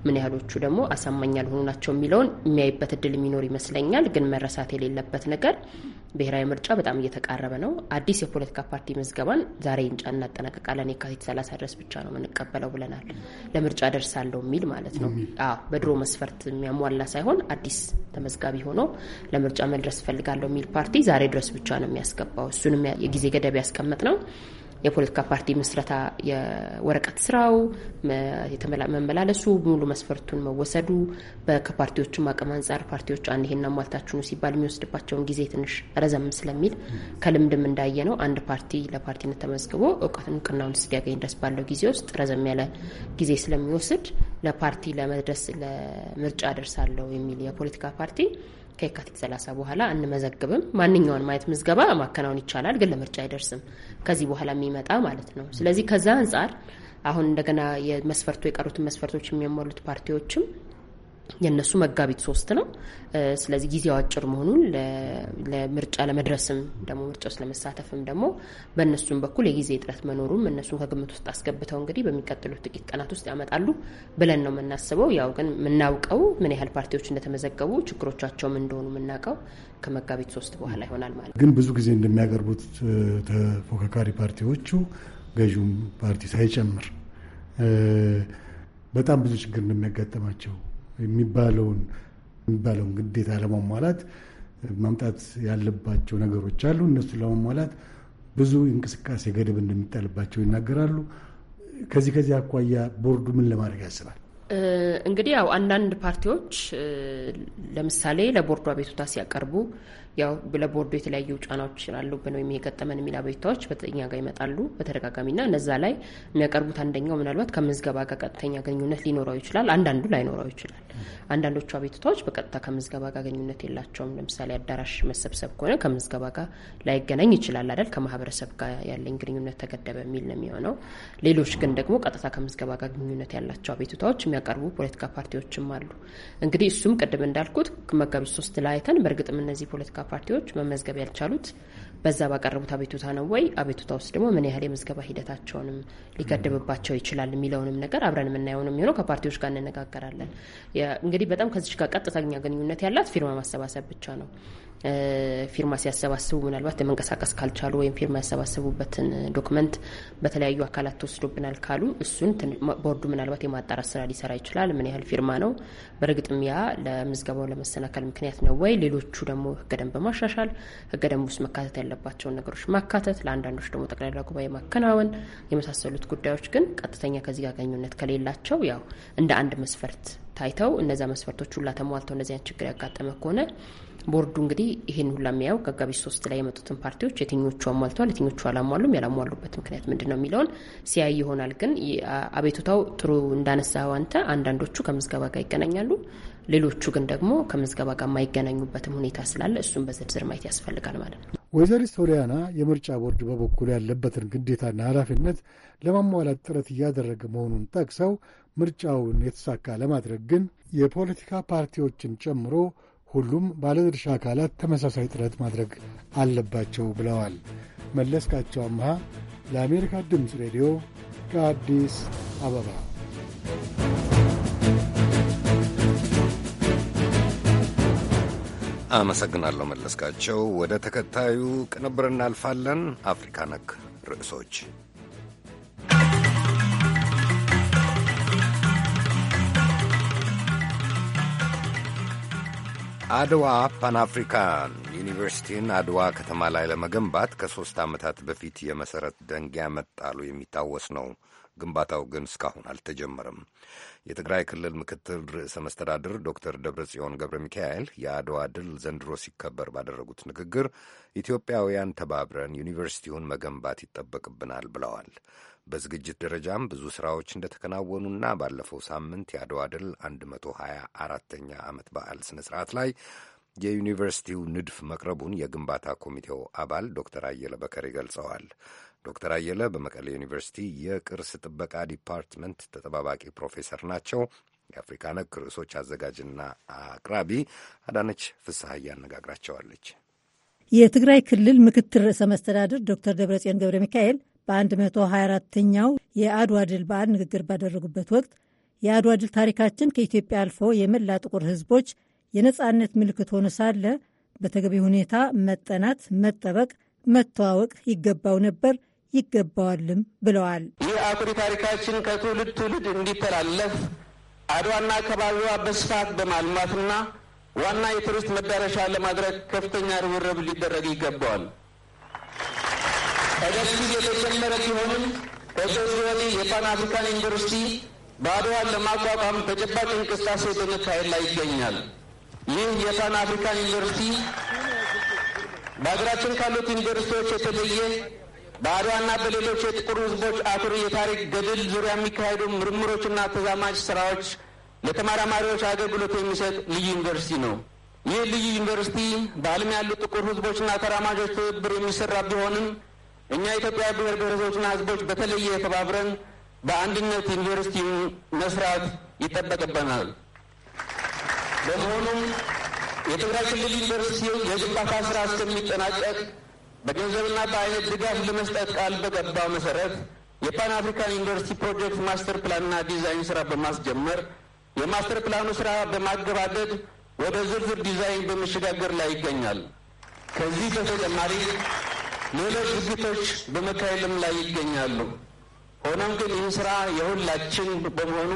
ምን ያህሎቹ ደግሞ አሳማኝ ያልሆኑ ናቸው የሚለውን የሚያይበት እድል የሚኖር ይመስለኛል። ግን መረሳት የሌለበት ነገር ብሔራዊ ምርጫ በጣም እየተቃረበ ነው። አዲስ የፖለቲካ ፓርቲ ምዝገባን ዛሬ እንጫ እናጠናቀቃለን የካቲት ሰላሳ ድረስ ብቻ ነው የምንቀበለው ብለናል። ለምርጫ ደርሳለሁ የሚል ማለት ነው። አዎ በድሮ መስፈርት የሚያሟላ ሳይሆን አዲስ ተመዝጋቢ ሆኖ ለምርጫ መድረስ ፈልጋለሁ የሚል ፓርቲ ዛሬ ድረስ ብቻ ነው የሚያስገባው። እሱንም የጊዜ ገደብ ያስቀመጥ ነው የፖለቲካ ፓርቲ ምስረታ የወረቀት ስራው መመላለሱ ሙሉ መስፈርቱን መወሰዱ ከፓርቲዎቹም አቅም አንጻር ፓርቲዎች አንድ ይሄን አሟልታችሁ ሲባል የሚወስድባቸውን ጊዜ ትንሽ ረዘም ስለሚል ከልምድም እንዳየ ነው አንድ ፓርቲ ለፓርቲነት ተመዝግቦ እውቀትን እውቅናውን እስኪያገኝ ድረስ ባለው ጊዜ ውስጥ ረዘም ያለ ጊዜ ስለሚወስድ ለፓርቲ ለመድረስ ለምርጫ ደርሳለሁ የሚል የፖለቲካ ፓርቲ ከየካቲት ሰላሳ በኋላ አንመዘግብም። ማንኛውን ማየት ምዝገባ ማከናወን ይቻላል፣ ግን ለምርጫ አይደርስም። ከዚህ በኋላ የሚመጣ ማለት ነው። ስለዚህ ከዛ አንጻር አሁን እንደገና የመስፈርቱ የቀሩትን መስፈርቶች የሚያሟሉት ፓርቲዎችም የእነሱ መጋቢት ሶስት ነው። ስለዚህ ጊዜው አጭር መሆኑን ለምርጫ ለመድረስም ደግሞ ምርጫ ውስጥ ለመሳተፍም ደግሞ በእነሱም በኩል የጊዜ እጥረት መኖሩም እነሱን ከግምት ውስጥ አስገብተው እንግዲህ በሚቀጥሉት ጥቂት ቀናት ውስጥ ያመጣሉ ብለን ነው የምናስበው። ያው ግን የምናውቀው ምን ያህል ፓርቲዎች እንደተመዘገቡ ችግሮቻቸውም እንደሆኑ የምናውቀው ከመጋቢት ሶስት በኋላ ይሆናል ማለት ግን ብዙ ጊዜ እንደሚያቀርቡት ተፎካካሪ ፓርቲዎቹ ገዥውም ፓርቲ ሳይጨምር በጣም ብዙ ችግር እንደሚያጋጠማቸው የሚባለውን የሚባለውን ግዴታ ለማሟላት ማምጣት ያለባቸው ነገሮች አሉ። እነሱን ለማሟላት ብዙ እንቅስቃሴ ገደብ እንደሚጣልባቸው ይናገራሉ። ከዚህ ከዚህ አኳያ ቦርዱ ምን ለማድረግ ያስባል? እንግዲህ ያው አንዳንድ ፓርቲዎች ለምሳሌ ለቦርዱ አቤቱታ ሲያቀርቡ ያው ለቦርዱ የተለያዩ ጫናዎች አሉብን ወይም የገጠመን የሚል አቤቱታዎች በኛ ጋር ይመጣሉ በተደጋጋሚና እነዛ ላይ የሚያቀርቡት አንደኛው ምናልባት ከምዝገባ ጋር ቀጥተኛ ግንኙነት ሊኖረው ይችላል። አንዳንዱ ላይኖረው ይችላል። አንዳንዶቹ አቤቱታዎች በቀጥታ ከምዝገባ ጋር ግንኙነት የላቸውም። ለምሳሌ አዳራሽ መሰብሰብ ከሆነ ከምዝገባ ጋር ላይገናኝ ይችላል አይደል? ከማህበረሰብ ጋር ያለኝ ግንኙነት ተገደበ የሚል ነው የሚሆነው። ሌሎች ግን ደግሞ ቀጥታ ከምዝገባ ጋር ግንኙነት ያላቸው አቤቱታዎች የሚያቀርቡ ፖለቲካ ፓርቲዎችም አሉ። እንግዲህ እሱም ቅድም እንዳልኩት መጋቢት ሶስት ላይ አይተን በእርግጥም እነዚህ ፖለቲካ ፓርቲዎች መመዝገብ ያልቻሉት በዛ ባቀረቡት አቤቱታ ነው ወይ? አቤቱታ ውስጥ ደግሞ ምን ያህል የምዝገባ ሂደታቸውንም ሊገድብባቸው ይችላል የሚለውንም ነገር አብረን የምናየው ነው የሚሆነው። ከፓርቲዎች ጋር እንነጋገራለን። እንግዲህ በጣም ከዚች ጋር ቀጥተኛ ግንኙነት ያላት ፊርማ ማሰባሰብ ብቻ ነው። ፊርማ ሲያሰባስቡ ምናልባት መንቀሳቀስ ካልቻሉ ወይም ፊርማ ያሰባስቡበትን ዶክመንት በተለያዩ አካላት ተወስዶብናል ካሉ እሱን ቦርዱ ምናልባት የማጣራት ስራ ሊሰራ ይችላል። ምን ያህል ፊርማ ነው? በእርግጥም ያ ለምዝገባው ለመሰናከል ምክንያት ነው ወይ? ሌሎቹ ደግሞ ህገ ደንብ ማሻሻል፣ ህገ ደንብ ውስጥ መካተት ያለባቸውን ነገሮች ማካተት፣ ለአንዳንዶች ደግሞ ጠቅላላ ጉባኤ ማከናወን የመሳሰሉት ጉዳዮች ግን ቀጥተኛ ከዚህ ጋር ግንኙነት ከሌላቸው ያው እንደ አንድ መስፈርት ታይተው እነዚ መስፈርቶች ሁላ ተሟልተው እነዚያን ችግር ያጋጠመ ከሆነ ቦርዱ እንግዲህ ይህን ሁላ የሚያየው ከጋቢት ሶስት ላይ የመጡትን ፓርቲዎች የትኞቹ አሟልተዋል፣ የትኞቹ አላሟሉም፣ ያላሟሉበት ምክንያት ምንድን ነው የሚለውን ሲያይ ይሆናል። ግን አቤቱታው ጥሩ እንዳነሳ አንተ አንዳንዶቹ ከምዝገባ ጋር ይገናኛሉ፣ ሌሎቹ ግን ደግሞ ከምዝገባ ጋር የማይገናኙበትም ሁኔታ ስላለ እሱን በዝርዝር ማየት ያስፈልጋል ማለት ነው። ወይዘሪት ሶሊያና የምርጫ ቦርድ በበኩሉ ያለበትን ግዴታና ኃላፊነት ለማሟላት ጥረት እያደረገ መሆኑን ጠቅሰው ምርጫውን የተሳካ ለማድረግ ግን የፖለቲካ ፓርቲዎችን ጨምሮ ሁሉም ባለድርሻ አካላት ተመሳሳይ ጥረት ማድረግ አለባቸው ብለዋል። መለስካቸው አምሃ ለአሜሪካ ድምፅ ሬዲዮ ከአዲስ አበባ። አመሰግናለሁ መለስካቸው። ወደ ተከታዩ ቅንብር እናልፋለን። አፍሪካ ነክ ርዕሶች አድዋ ፓንአፍሪካን ዩኒቨርሲቲን አድዋ ከተማ ላይ ለመገንባት ከሦስት ዓመታት በፊት የመሠረት ደንጊያ መጣሉ የሚታወስ ነው። ግንባታው ግን እስካሁን አልተጀመረም። የትግራይ ክልል ምክትል ርዕሰ መስተዳድር ዶክተር ደብረ ጽዮን ገብረ ሚካኤል የአድዋ ድል ዘንድሮ ሲከበር ባደረጉት ንግግር ኢትዮጵያውያን ተባብረን ዩኒቨርሲቲውን መገንባት ይጠበቅብናል ብለዋል። በዝግጅት ደረጃም ብዙ ስራዎች እንደተከናወኑና ባለፈው ሳምንት የአድዋ ድል 124ኛ ዓመት በዓል ስነ ስርዓት ላይ የዩኒቨርሲቲው ንድፍ መቅረቡን የግንባታ ኮሚቴው አባል ዶክተር አየለ በከሬ ገልጸዋል። ዶክተር አየለ በመቀሌ ዩኒቨርሲቲ የቅርስ ጥበቃ ዲፓርትመንት ተጠባባቂ ፕሮፌሰር ናቸው። የአፍሪካ ነክ ርዕሶች አዘጋጅና አቅራቢ አዳነች ፍስሐ እያነጋግራቸዋለች። የትግራይ ክልል ምክትል ርዕሰ መስተዳድር ዶክተር ደብረጽዮን ገብረ ሚካኤል በ124ኛው የአድዋ ድል በዓል ንግግር ባደረጉበት ወቅት የአድዋ ድል ታሪካችን ከኢትዮጵያ አልፎ የመላ ጥቁር ሕዝቦች የነፃነት ምልክት ሆኖ ሳለ በተገቢ ሁኔታ መጠናት፣ መጠበቅ፣ መተዋወቅ ይገባው ነበር ይገባዋልም ብለዋል። ይህ አኩሪ ታሪካችን ከትውልድ ትውልድ እንዲተላለፍ አድዋና አካባቢዋ በስፋት በማልማትና ዋና የቱሪስት መዳረሻ ለማድረግ ከፍተኛ ርብርብ ሊደረግ ይገባዋል። ከደፊት የተጀመረ ቢሆንም ከሶስት ወዲህ የፓን አፍሪካን ዩኒቨርሲቲ በአድዋን ለማቋቋም ተጨባጭ እንቅስቃሴ በመካሄድ ላይ ይገኛል። ይህ የፓን አፍሪካን ዩኒቨርሲቲ በሀገራችን ካሉት ዩኒቨርሲቲዎች የተለየ በአድዋና በሌሎች የጥቁር ሕዝቦች አኩሪ የታሪክ ገድል ዙሪያ የሚካሄዱ ምርምሮችና ተዛማጅ ስራዎች ለተመራማሪዎች አገልግሎት የሚሰጥ ልዩ ዩኒቨርሲቲ ነው። ይህ ልዩ ዩኒቨርሲቲ በዓለም ያሉ ጥቁር ሕዝቦችና ተራማጆች ትብብር የሚሰራ ቢሆንም እኛ ኢትዮጵያ ብሔር ብሔረሰቦችና ህዝቦች በተለየ ተባብረን በአንድነት ዩኒቨርሲቲ መስራት ይጠበቅብናል። በመሆኑም የትግራይ ክልል ዩኒቨርሲቲ የግንባታ ስራ እስከሚጠናቀቅ በገንዘብና በአይነት ድጋፍ ለመስጠት ቃል በገባ መሰረት የፓን አፍሪካን ዩኒቨርሲቲ ፕሮጀክት ማስተር ፕላንና ዲዛይን ስራ በማስጀመር የማስተር ፕላኑ ስራ በማገባደድ ወደ ዝርዝር ዲዛይን በመሸጋገር ላይ ይገኛል። ከዚህ በተጨማሪ ሌሎች ግፊቶች በመካሄድም ላይ ይገኛሉ። ሆኖም ግን ይህ ስራ የሁላችን በመሆኑ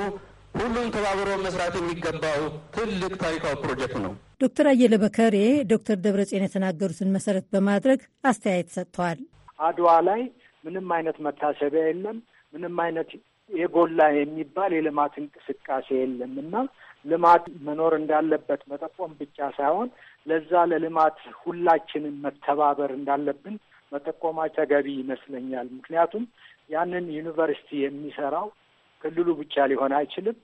ሁሉም ተባብሮ መስራት የሚገባው ትልቅ ታሪካዊ ፕሮጀክት ነው። ዶክተር አየለ በከሬ ዶክተር ደብረጽዮን የተናገሩትን መሰረት በማድረግ አስተያየት ሰጥተዋል። አድዋ ላይ ምንም አይነት መታሰቢያ የለም። ምንም አይነት የጎላ የሚባል የልማት እንቅስቃሴ የለም እና ልማት መኖር እንዳለበት መጠቆም ብቻ ሳይሆን ለዛ ለልማት ሁላችንም መተባበር እንዳለብን መጠቆማ ተገቢ ይመስለኛል። ምክንያቱም ያንን ዩኒቨርሲቲ የሚሰራው ክልሉ ብቻ ሊሆን አይችልም፣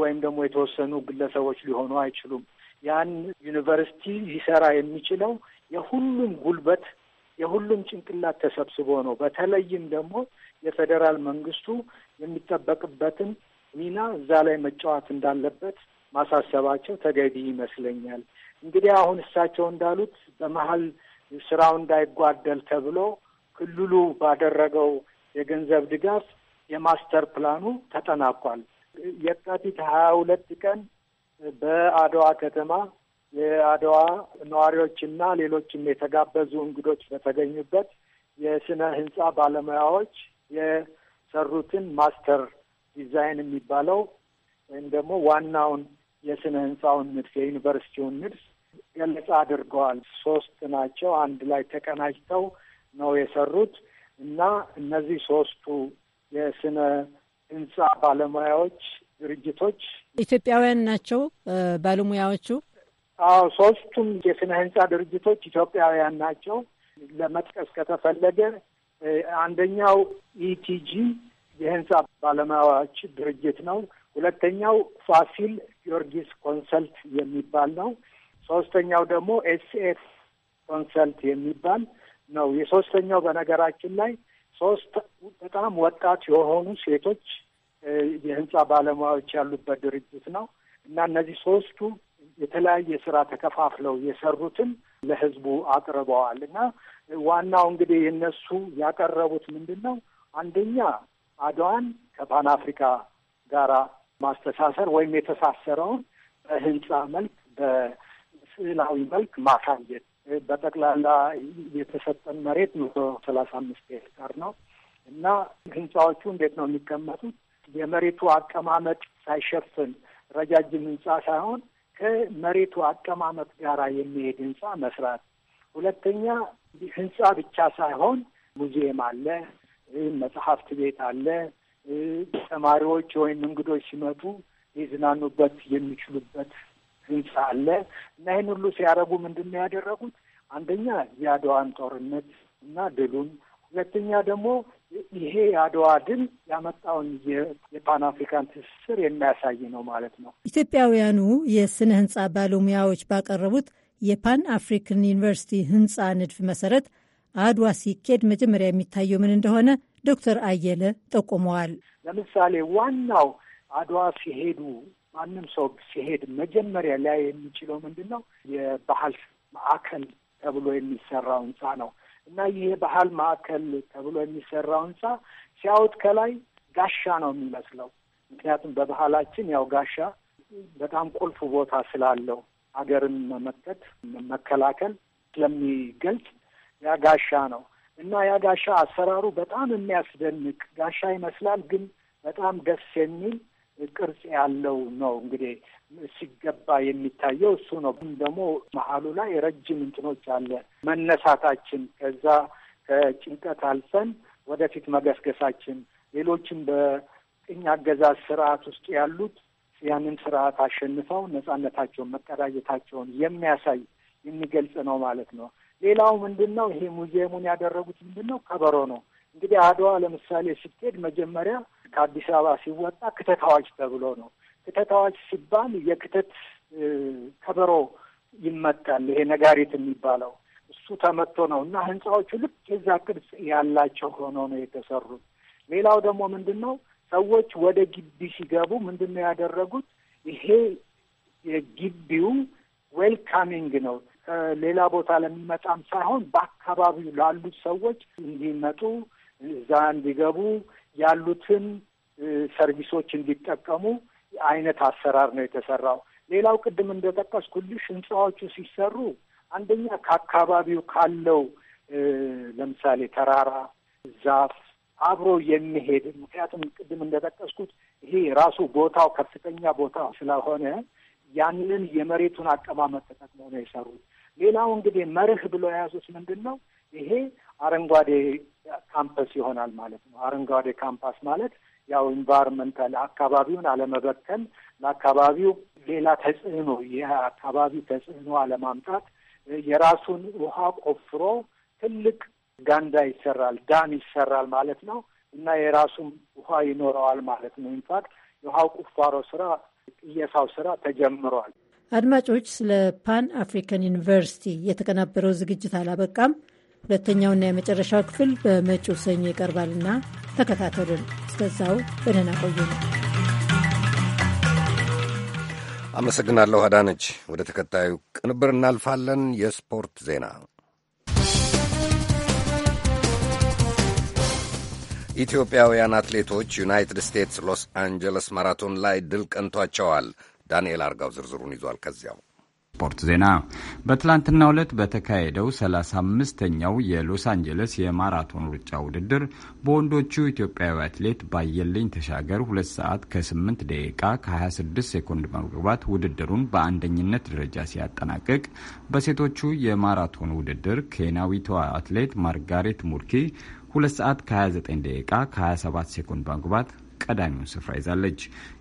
ወይም ደግሞ የተወሰኑ ግለሰቦች ሊሆኑ አይችሉም። ያን ዩኒቨርሲቲ ሊሰራ የሚችለው የሁሉም ጉልበት የሁሉም ጭንቅላት ተሰብስቦ ነው። በተለይም ደግሞ የፌዴራል መንግስቱ የሚጠበቅበትን ሚና እዛ ላይ መጫወት እንዳለበት ማሳሰባቸው ተገቢ ይመስለኛል። እንግዲህ አሁን እሳቸው እንዳሉት በመሀል ስራው እንዳይጓደል ተብሎ ክልሉ ባደረገው የገንዘብ ድጋፍ የማስተር ፕላኑ ተጠናቋል። የካቲት ሀያ ሁለት ቀን በአድዋ ከተማ የአድዋ ነዋሪዎችና ሌሎችም የተጋበዙ እንግዶች በተገኙበት የስነ ህንፃ ባለሙያዎች የሰሩትን ማስተር ዲዛይን የሚባለው ወይም ደግሞ ዋናውን የስነ ህንፃውን ንድፍ የዩኒቨርሲቲውን ንድፍ ገለጻ አድርገዋል። ሶስት ናቸው። አንድ ላይ ተቀናጅተው ነው የሰሩት እና እነዚህ ሶስቱ የስነ ህንጻ ባለሙያዎች ድርጅቶች ኢትዮጵያውያን ናቸው ባለሙያዎቹ። አዎ ሶስቱም የስነ ህንጻ ድርጅቶች ኢትዮጵያውያን ናቸው። ለመጥቀስ ከተፈለገ አንደኛው ኢቲጂ የህንጻ ባለሙያዎች ድርጅት ነው። ሁለተኛው ፋሲል ጊዮርጊስ ኮንሰልት የሚባል ነው። ሶስተኛው ደግሞ ኤስኤፍ ኮንሰልት የሚባል ነው። የሶስተኛው በነገራችን ላይ ሶስት በጣም ወጣት የሆኑ ሴቶች የህንፃ ባለሙያዎች ያሉበት ድርጅት ነው እና እነዚህ ሶስቱ የተለያየ ስራ ተከፋፍለው የሰሩትን ለህዝቡ አቅርበዋል እና ዋናው እንግዲህ እነሱ ያቀረቡት ምንድን ነው? አንደኛ አድዋን ከፓን አፍሪካ ጋራ ማስተሳሰር ወይም የተሳሰረውን በህንፃ መልክ በስዕላዊ መልክ ማሳየት በጠቅላላ የተሰጠን መሬት መቶ ሰላሳ አምስት ሄክታር ነው እና ህንፃዎቹ እንዴት ነው የሚቀመጡት? የመሬቱ አቀማመጥ ሳይሸፍን ረጃጅም ህንፃ ሳይሆን ከመሬቱ አቀማመጥ ጋር የሚሄድ ህንፃ መስራት። ሁለተኛ ህንፃ ብቻ ሳይሆን ሙዚየም አለ፣ መጽሐፍት ቤት አለ። ተማሪዎች ወይም እንግዶች ሲመጡ ሊዝናኑበት የሚችሉበት ህንፃ አለ እና ይህን ሁሉ ሲያደርጉ ምንድን ነው ያደረጉት? አንደኛ የአድዋን ጦርነት እና ድሉን፣ ሁለተኛ ደግሞ ይሄ የአድዋ ድል ያመጣውን የፓን አፍሪካን ትስስር የሚያሳይ ነው ማለት ነው። ኢትዮጵያውያኑ የስነ ህንፃ ባለሙያዎች ባቀረቡት የፓን አፍሪካን ዩኒቨርሲቲ ህንፃ ንድፍ መሰረት አድዋ ሲኬድ መጀመሪያ የሚታየው ምን እንደሆነ ዶክተር አየለ ጠቁመዋል። ለምሳሌ ዋናው አድዋ ሲሄዱ ማንም ሰው ሲሄድ መጀመሪያ ሊያይ የሚችለው ምንድን ነው? የባህል ማዕከል ተብሎ የሚሰራው ህንፃ ነው እና ይህ የባህል ማዕከል ተብሎ የሚሰራው ህንፃ ሲያዩት ከላይ ጋሻ ነው የሚመስለው። ምክንያቱም በባህላችን ያው ጋሻ በጣም ቁልፍ ቦታ ስላለው ሀገርን መመከት መከላከል ስለሚገልጽ ያ ጋሻ ነው እና ያ ጋሻ አሰራሩ በጣም የሚያስደንቅ ጋሻ ይመስላል፣ ግን በጣም ደስ የሚል ቅርጽ ያለው ነው። እንግዲህ ሲገባ የሚታየው እሱ ነው። ደግሞ መሀሉ ላይ ረጅም እንትኖች አለ መነሳታችን፣ ከዛ ከጭንቀት አልፈን ወደፊት መገስገሳችን፣ ሌሎችም በቅኝ አገዛዝ ስርዓት ውስጥ ያሉት ያንን ስርዓት አሸንፈው ነጻነታቸውን መቀዳጀታቸውን የሚያሳይ የሚገልጽ ነው ማለት ነው። ሌላው ምንድን ነው? ይሄ ሙዚየሙን ያደረጉት ምንድን ነው? ከበሮ ነው። እንግዲህ አድዋ ለምሳሌ ስትሄድ መጀመሪያ ከአዲስ አበባ ሲወጣ ክተት አዋጅ ተብሎ ነው። ክተት አዋጅ ሲባል የክተት ከበሮ ይመታል። ይሄ ነጋሪት የሚባለው እሱ ተመቶ ነው እና ህንፃዎቹ ልክ የዛ ቅርጽ ያላቸው ሆነው ነው የተሰሩት። ሌላው ደግሞ ምንድን ነው ሰዎች ወደ ግቢ ሲገቡ ምንድን ነው ያደረጉት? ይሄ የግቢው ዌልካሚንግ ነው። ከሌላ ቦታ ለሚመጣም ሳይሆን በአካባቢው ላሉት ሰዎች እንዲመጡ እዛ እንዲገቡ ያሉትን ሰርቪሶች እንዲጠቀሙ አይነት አሰራር ነው የተሰራው። ሌላው ቅድም እንደጠቀስኩልሽ ህንፃዎቹ ሲሰሩ አንደኛ ከአካባቢው ካለው ለምሳሌ ተራራ፣ ዛፍ አብሮ የሚሄድ ምክንያቱም ቅድም እንደጠቀስኩት ይሄ ራሱ ቦታው ከፍተኛ ቦታ ስለሆነ ያንን የመሬቱን አቀማመጥ ተጠቅመው ነው የሰሩት። ሌላው እንግዲህ መርህ ብሎ የያዙት ምንድን ነው? ይሄ አረንጓዴ ካምፐስ ይሆናል ማለት ነው። አረንጓዴ ካምፓስ ማለት ያው ኢንቫይሮንመንታል አካባቢውን አለመበከል፣ ለአካባቢው ሌላ ተጽዕኖ አካባቢ ተጽዕኖ አለማምጣት፣ የራሱን ውሃ ቆፍሮ ትልቅ ጋንዳ ይሰራል፣ ዳም ይሰራል ማለት ነው እና የራሱም ውሃ ይኖረዋል ማለት ነው። ኢንፋክት የውሃ ቁፋሮ ስራ ቅየሳው ስራ ተጀምሯል። አድማጮች፣ ስለ ፓን አፍሪካን ዩኒቨርሲቲ የተቀናበረው ዝግጅት አላበቃም። ሁለተኛውና የመጨረሻው ክፍል በመጪው ሰኞ ይቀርባልና ተከታተሉን። እስከዛው በደህና ቆዩ ነው። አመሰግናለሁ አዳነች። ወደ ተከታዩ ቅንብር እናልፋለን። የስፖርት ዜና ኢትዮጵያውያን አትሌቶች ዩናይትድ ስቴትስ ሎስ አንጀለስ ማራቶን ላይ ድል ቀንቷቸዋል። ዳንኤል አርጋው ዝርዝሩን ይዟል ከዚያው ስፖርት ዜና በትላንትናው ዕለት በተካሄደው 35ኛው የሎስ አንጀለስ የማራቶን ሩጫ ውድድር በወንዶቹ ኢትዮጵያዊ አትሌት ባየልኝ ተሻገር 2 ሰዓት ከ8 ደቂቃ ከ26 ሴኮንድ በመግባት ውድድሩን በአንደኝነት ደረጃ ሲያጠናቅቅ በሴቶቹ የማራቶን ውድድር ኬንያዊቷ አትሌት ማርጋሬት ሙርኪ 2 ሰዓት ከ29 ደቂቃ ከ27 ሴኮንድ በመግባት ቀዳሚውን ስፍራ ይዛለች።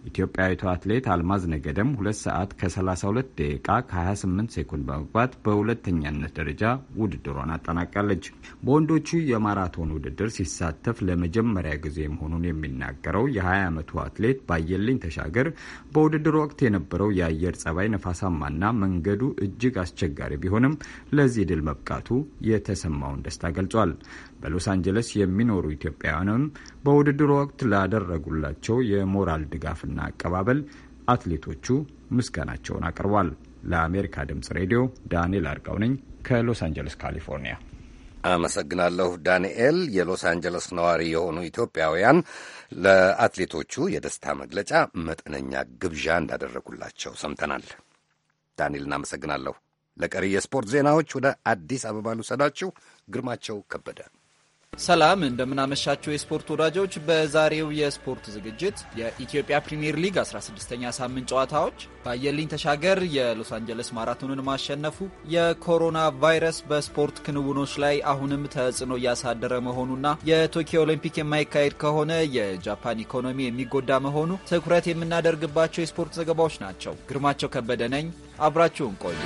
ኢትዮጵያዊቷ አትሌት አልማዝ ነገደም 2 ሰዓት ከ32 ደቂቃ ከ28 ሴኮንድ በመግባት በሁለተኛነት ደረጃ ውድድሯን አጠናቃለች። በወንዶቹ የማራቶን ውድድር ሲሳተፍ ለመጀመሪያ ጊዜ መሆኑን የሚናገረው የ20 ዓመቱ አትሌት ባየልኝ ተሻገር በውድድር ወቅት የነበረው የአየር ጸባይ ነፋሳማና መንገዱ እጅግ አስቸጋሪ ቢሆንም ለዚህ ድል መብቃቱ የተሰማውን ደስታ ገልጿል። በሎስ አንጀለስ የሚኖሩ ኢትዮጵያውያንም በውድድሩ ወቅት ላደረጉላቸው የሞራል ድጋፍ ክብርና አቀባበል አትሌቶቹ ምስጋናቸውን አቅርቧል። ለአሜሪካ ድምጽ ሬዲዮ ዳንኤል አርጋው ነኝ ከሎስ አንጀለስ ካሊፎርኒያ። አመሰግናለሁ ዳንኤል። የሎስ አንጀለስ ነዋሪ የሆኑ ኢትዮጵያውያን ለአትሌቶቹ የደስታ መግለጫ መጠነኛ ግብዣ እንዳደረጉላቸው ሰምተናል። ዳንኤል እናመሰግናለሁ። ለቀሪ የስፖርት ዜናዎች ወደ አዲስ አበባ ልውሰዳችሁ። ግርማቸው ከበደ ሰላም እንደምናመሻቸው የስፖርት ወዳጆች። በዛሬው የስፖርት ዝግጅት የኢትዮጵያ ፕሪምየር ሊግ 16ኛ ሳምንት ጨዋታዎች፣ በአየልኝ ተሻገር የሎስ አንጀለስ ማራቶንን ማሸነፉ፣ የኮሮና ቫይረስ በስፖርት ክንውኖች ላይ አሁንም ተጽዕኖ እያሳደረ መሆኑና የቶኪዮ ኦሎምፒክ የማይካሄድ ከሆነ የጃፓን ኢኮኖሚ የሚጎዳ መሆኑ ትኩረት የምናደርግባቸው የስፖርት ዘገባዎች ናቸው። ግርማቸው ከበደ ነኝ። አብራችሁን ቆዩ።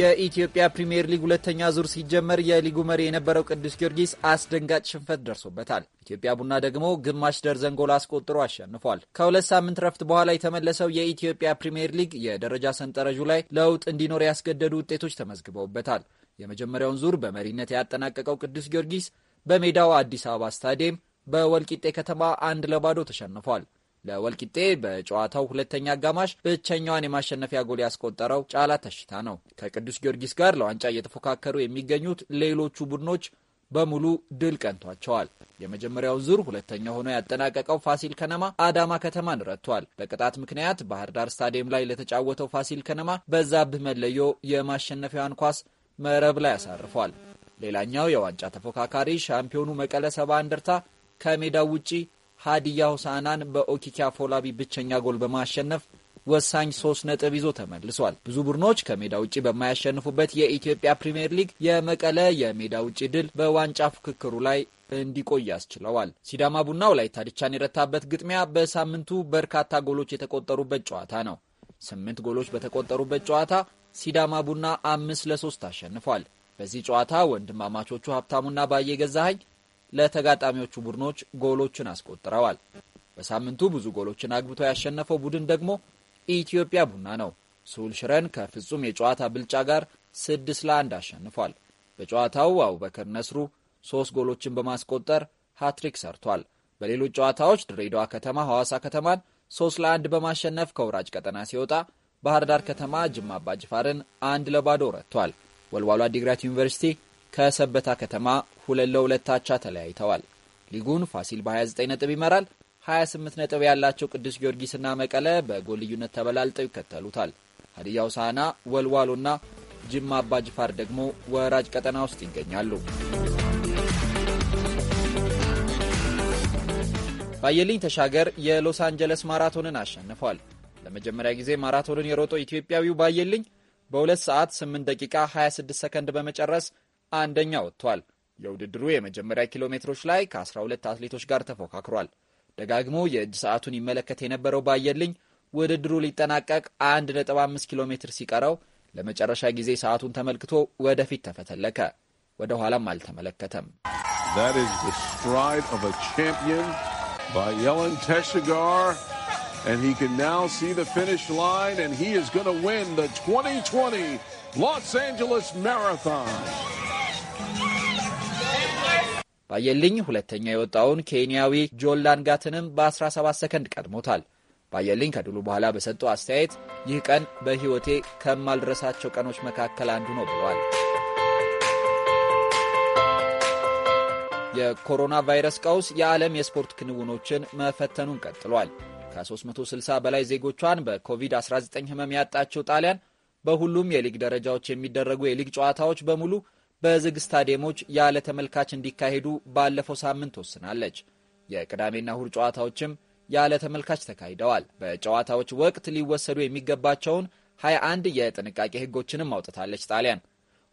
የኢትዮጵያ ፕሪምየር ሊግ ሁለተኛ ዙር ሲጀመር የሊጉ መሪ የነበረው ቅዱስ ጊዮርጊስ አስደንጋጭ ሽንፈት ደርሶበታል። ኢትዮጵያ ቡና ደግሞ ግማሽ ደርዘን ጎል አስቆጥሮ አሸንፏል። ከሁለት ሳምንት ረፍት በኋላ የተመለሰው የኢትዮጵያ ፕሪምየር ሊግ የደረጃ ሰንጠረዡ ላይ ለውጥ እንዲኖር ያስገደዱ ውጤቶች ተመዝግበውበታል። የመጀመሪያውን ዙር በመሪነት ያጠናቀቀው ቅዱስ ጊዮርጊስ በሜዳው አዲስ አበባ ስታዲየም በወልቂጤ ከተማ አንድ ለባዶ ተሸንፏል። ለወልቂጤ በጨዋታው ሁለተኛ አጋማሽ ብቸኛዋን የማሸነፊያ ጎል ያስቆጠረው ጫላ ተሽታ ነው። ከቅዱስ ጊዮርጊስ ጋር ለዋንጫ እየተፎካከሩ የሚገኙት ሌሎቹ ቡድኖች በሙሉ ድል ቀንቷቸዋል። የመጀመሪያው ዙር ሁለተኛ ሆኖ ያጠናቀቀው ፋሲል ከነማ አዳማ ከተማን ረቷል። በቅጣት ምክንያት ባህር ዳር ስታዲየም ላይ ለተጫወተው ፋሲል ከነማ በዛብህ መለዮ የማሸነፊያዋን ኳስ መረብ ላይ አሳርፏል። ሌላኛው የዋንጫ ተፎካካሪ ሻምፒዮኑ መቀለ ሰባ እንደርታ ከሜዳው ውጪ ሀዲያ ሆሳናን በኦኪኪያ ፎላቢ ብቸኛ ጎል በማሸነፍ ወሳኝ ሶስት ነጥብ ይዞ ተመልሷል። ብዙ ቡድኖች ከሜዳ ውጭ በማያሸንፉበት የኢትዮጵያ ፕሪምየር ሊግ የመቀለ የሜዳ ውጭ ድል በዋንጫ ፉክክሩ ላይ እንዲቆይ አስችለዋል። ሲዳማ ቡና ወላይታ ዲቻን የረታበት ግጥሚያ በሳምንቱ በርካታ ጎሎች የተቆጠሩበት ጨዋታ ነው። ስምንት ጎሎች በተቆጠሩበት ጨዋታ ሲዳማ ቡና አምስት ለሶስት አሸንፏል። በዚህ ጨዋታ ወንድማማቾቹ ሀብታሙና ባየ ገዛሀኝ ለተጋጣሚዎቹ ቡድኖች ጎሎችን አስቆጥረዋል። በሳምንቱ ብዙ ጎሎችን አግብቶ ያሸነፈው ቡድን ደግሞ ኢትዮጵያ ቡና ነው። ሱል ሽረን ከፍጹም የጨዋታ ብልጫ ጋር ስድስት ለአንድ አሸንፏል። በጨዋታው አቡበከር ነስሩ ሶስት ጎሎችን በማስቆጠር ሃትሪክ ሰርቷል። በሌሎች ጨዋታዎች ድሬዳዋ ከተማ ሐዋሳ ከተማን ሶስት ለአንድ በማሸነፍ ከውራጅ ቀጠና ሲወጣ ባህር ዳር ከተማ ጅማ አባጅፋርን አንድ ለባዶ ረጥቷል። ወልዋሉ አዲግራት ዩኒቨርሲቲ ከሰበታ ከተማ ሁለት ለሁለት አቻ ተለያይተዋል። ሊጉን ፋሲል በ29 ነጥብ ይመራል። 28 ነጥብ ያላቸው ቅዱስ ጊዮርጊስና መቀለ በጎል ልዩነት ተበላልጠው ይከተሉታል። ሀዲያ ሆሳዕና፣ ወልዋሎና ጅማ አባ ጅፋር ደግሞ ወራጅ ቀጠና ውስጥ ይገኛሉ። ባየልኝ ተሻገር የሎስ አንጀለስ ማራቶንን አሸንፏል። ለመጀመሪያ ጊዜ ማራቶንን የሮጠው ኢትዮጵያዊው ባየልኝ በ2 ሰዓት 8 ደቂቃ 26 ሰከንድ በመጨረስ አንደኛ ወጥቷል። የውድድሩ የመጀመሪያ ኪሎ ሜትሮች ላይ ከ12 አትሌቶች ጋር ተፎካክሯል። ደጋግሞ የእጅ ሰዓቱን ይመለከት የነበረው ባየልኝ ውድድሩ ሊጠናቀቅ 1.5 ኪሎ ሜትር ሲቀረው ለመጨረሻ ጊዜ ሰዓቱን ተመልክቶ ወደፊት ተፈተለከ። ወደ ኋላም አልተመለከተም። ሎስ አንጀለስ ማራቶን ባየልኝ ሁለተኛ የወጣውን ኬንያዊ ጆን ላንጋትንም በ17 ሰከንድ ቀድሞታል። ባየልኝ ከድሉ በኋላ በሰጠው አስተያየት ይህ ቀን በሕይወቴ ከማልረሳቸው ቀኖች መካከል አንዱ ነው ብለዋል። የኮሮና ቫይረስ ቀውስ የዓለም የስፖርት ክንውኖችን መፈተኑን ቀጥሏል። ከ360 በላይ ዜጎቿን በኮቪድ-19 ህመም ያጣችው ጣሊያን በሁሉም የሊግ ደረጃዎች የሚደረጉ የሊግ ጨዋታዎች በሙሉ በዝግ ስታዲየሞች ያለ ተመልካች እንዲካሄዱ ባለፈው ሳምንት ወስናለች። የቅዳሜና እሁድ ጨዋታዎችም ያለ ተመልካች ተካሂደዋል። በጨዋታዎች ወቅት ሊወሰዱ የሚገባቸውን 21 የጥንቃቄ ህጎችንም አውጥታለች ጣሊያን።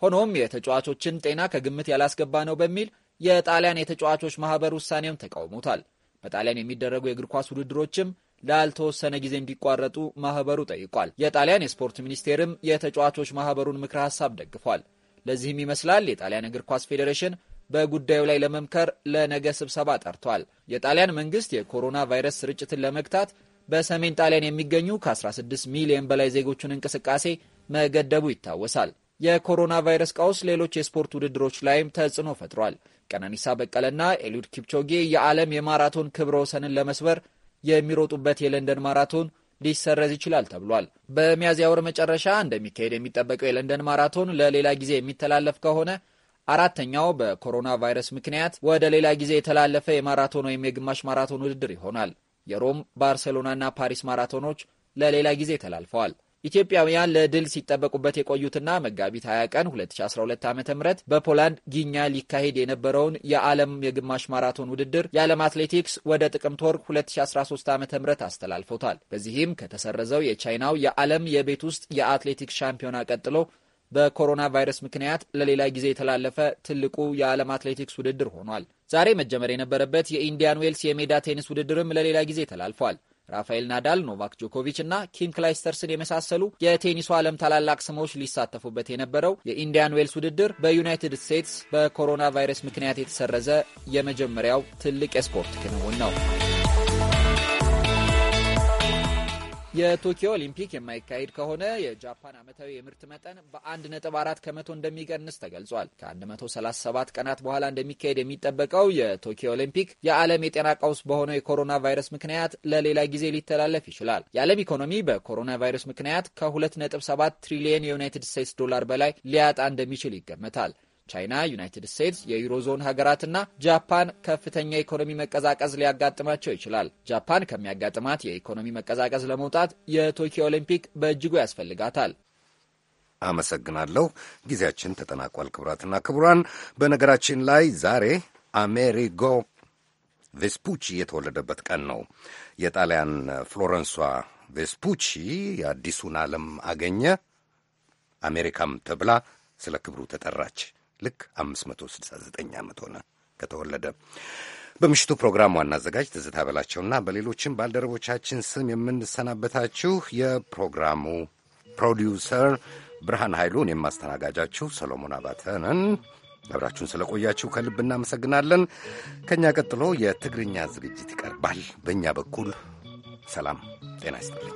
ሆኖም የተጫዋቾችን ጤና ከግምት ያላስገባ ነው በሚል የጣሊያን የተጫዋቾች ማህበር ውሳኔውን ተቃውሞታል። በጣሊያን የሚደረጉ የእግር ኳስ ውድድሮችም ላልተወሰነ ጊዜ እንዲቋረጡ ማህበሩ ጠይቋል። የጣሊያን የስፖርት ሚኒስቴርም የተጫዋቾች ማህበሩን ምክረ ሀሳብ ደግፏል። ለዚህም ይመስላል የጣሊያን እግር ኳስ ፌዴሬሽን በጉዳዩ ላይ ለመምከር ለነገ ስብሰባ ጠርቷል። የጣሊያን መንግስት የኮሮና ቫይረስ ስርጭትን ለመግታት በሰሜን ጣሊያን የሚገኙ ከ16 ሚሊዮን በላይ ዜጎቹን እንቅስቃሴ መገደቡ ይታወሳል። የኮሮና ቫይረስ ቀውስ ሌሎች የስፖርት ውድድሮች ላይም ተጽዕኖ ፈጥሯል። ቀነኒሳ በቀለና ኤሊዩድ ኪፕቾጌ የዓለም የማራቶን ክብረ ወሰንን ለመስበር የሚሮጡበት የለንደን ማራቶን ሊሰረዝ ይችላል ተብሏል። በሚያዝያ ወር መጨረሻ እንደሚካሄድ የሚጠበቀው የለንደን ማራቶን ለሌላ ጊዜ የሚተላለፍ ከሆነ አራተኛው በኮሮና ቫይረስ ምክንያት ወደ ሌላ ጊዜ የተላለፈ የማራቶን ወይም የግማሽ ማራቶን ውድድር ይሆናል። የሮም ባርሴሎናና ፓሪስ ማራቶኖች ለሌላ ጊዜ ተላልፈዋል። ኢትዮጵያውያን ለድል ሲጠበቁበት የቆዩትና መጋቢት 20 ቀን 2012 ዓ ም በፖላንድ ጊኛ ሊካሄድ የነበረውን የዓለም የግማሽ ማራቶን ውድድር የዓለም አትሌቲክስ ወደ ጥቅምት ወር 2013 ዓ ም አስተላልፎታል። በዚህም ከተሰረዘው የቻይናው የዓለም የቤት ውስጥ የአትሌቲክስ ሻምፒዮና ቀጥሎ በኮሮና ቫይረስ ምክንያት ለሌላ ጊዜ የተላለፈ ትልቁ የዓለም አትሌቲክስ ውድድር ሆኗል። ዛሬ መጀመር የነበረበት የኢንዲያን ዌልስ የሜዳ ቴኒስ ውድድርም ለሌላ ጊዜ ተላልፏል። ራፋኤል ናዳል፣ ኖቫክ ጆኮቪች እና ኪም ክላይስተርስን የመሳሰሉ የቴኒሱ ዓለም ታላላቅ ስሞች ሊሳተፉበት የነበረው የኢንዲያን ዌልስ ውድድር በዩናይትድ ስቴትስ በኮሮና ቫይረስ ምክንያት የተሰረዘ የመጀመሪያው ትልቅ የስፖርት ክንውን ነው። የቶኪዮ ኦሊምፒክ የማይካሄድ ከሆነ የጃፓን ዓመታዊ የምርት መጠን በ1.4 ከመቶ እንደሚቀንስ ተገልጿል። ከ137 ቀናት በኋላ እንደሚካሄድ የሚጠበቀው የቶኪዮ ኦሊምፒክ የዓለም የጤና ቀውስ በሆነው የኮሮና ቫይረስ ምክንያት ለሌላ ጊዜ ሊተላለፍ ይችላል። የዓለም ኢኮኖሚ በኮሮና ቫይረስ ምክንያት ከ2.7 ትሪሊየን የዩናይትድ ስቴትስ ዶላር በላይ ሊያጣ እንደሚችል ይገመታል። ቻይና፣ ዩናይትድ ስቴትስ፣ የዩሮዞን ሀገራትና ጃፓን ከፍተኛ የኢኮኖሚ መቀዛቀዝ ሊያጋጥማቸው ይችላል። ጃፓን ከሚያጋጥማት የኢኮኖሚ መቀዛቀዝ ለመውጣት የቶኪዮ ኦሊምፒክ በእጅጉ ያስፈልጋታል። አመሰግናለሁ። ጊዜያችን ተጠናቋል። ክቡራትና ክቡራን፣ በነገራችን ላይ ዛሬ አሜሪጎ ቬስፑቺ የተወለደበት ቀን ነው። የጣሊያን ፍሎረንሷ ቬስፑቺ የአዲሱን ዓለም አገኘ አሜሪካም ተብላ ስለ ክብሩ ተጠራች። ልክ 569 ዓመት ሆነ ከተወለደ። በምሽቱ ፕሮግራም ዋና አዘጋጅ ትዝታ በላቸውና በሌሎችም ባልደረቦቻችን ስም የምንሰናበታችሁ የፕሮግራሙ ፕሮዲውሰር ብርሃን ኃይሉ፣ እኔም ማስተናጋጃችሁ ሰሎሞን አባተ ነን። አብራችሁን ስለቆያችሁ ከልብ እናመሰግናለን። ከእኛ ቀጥሎ የትግርኛ ዝግጅት ይቀርባል። በእኛ በኩል ሰላም ጤና ይስጥልኝ።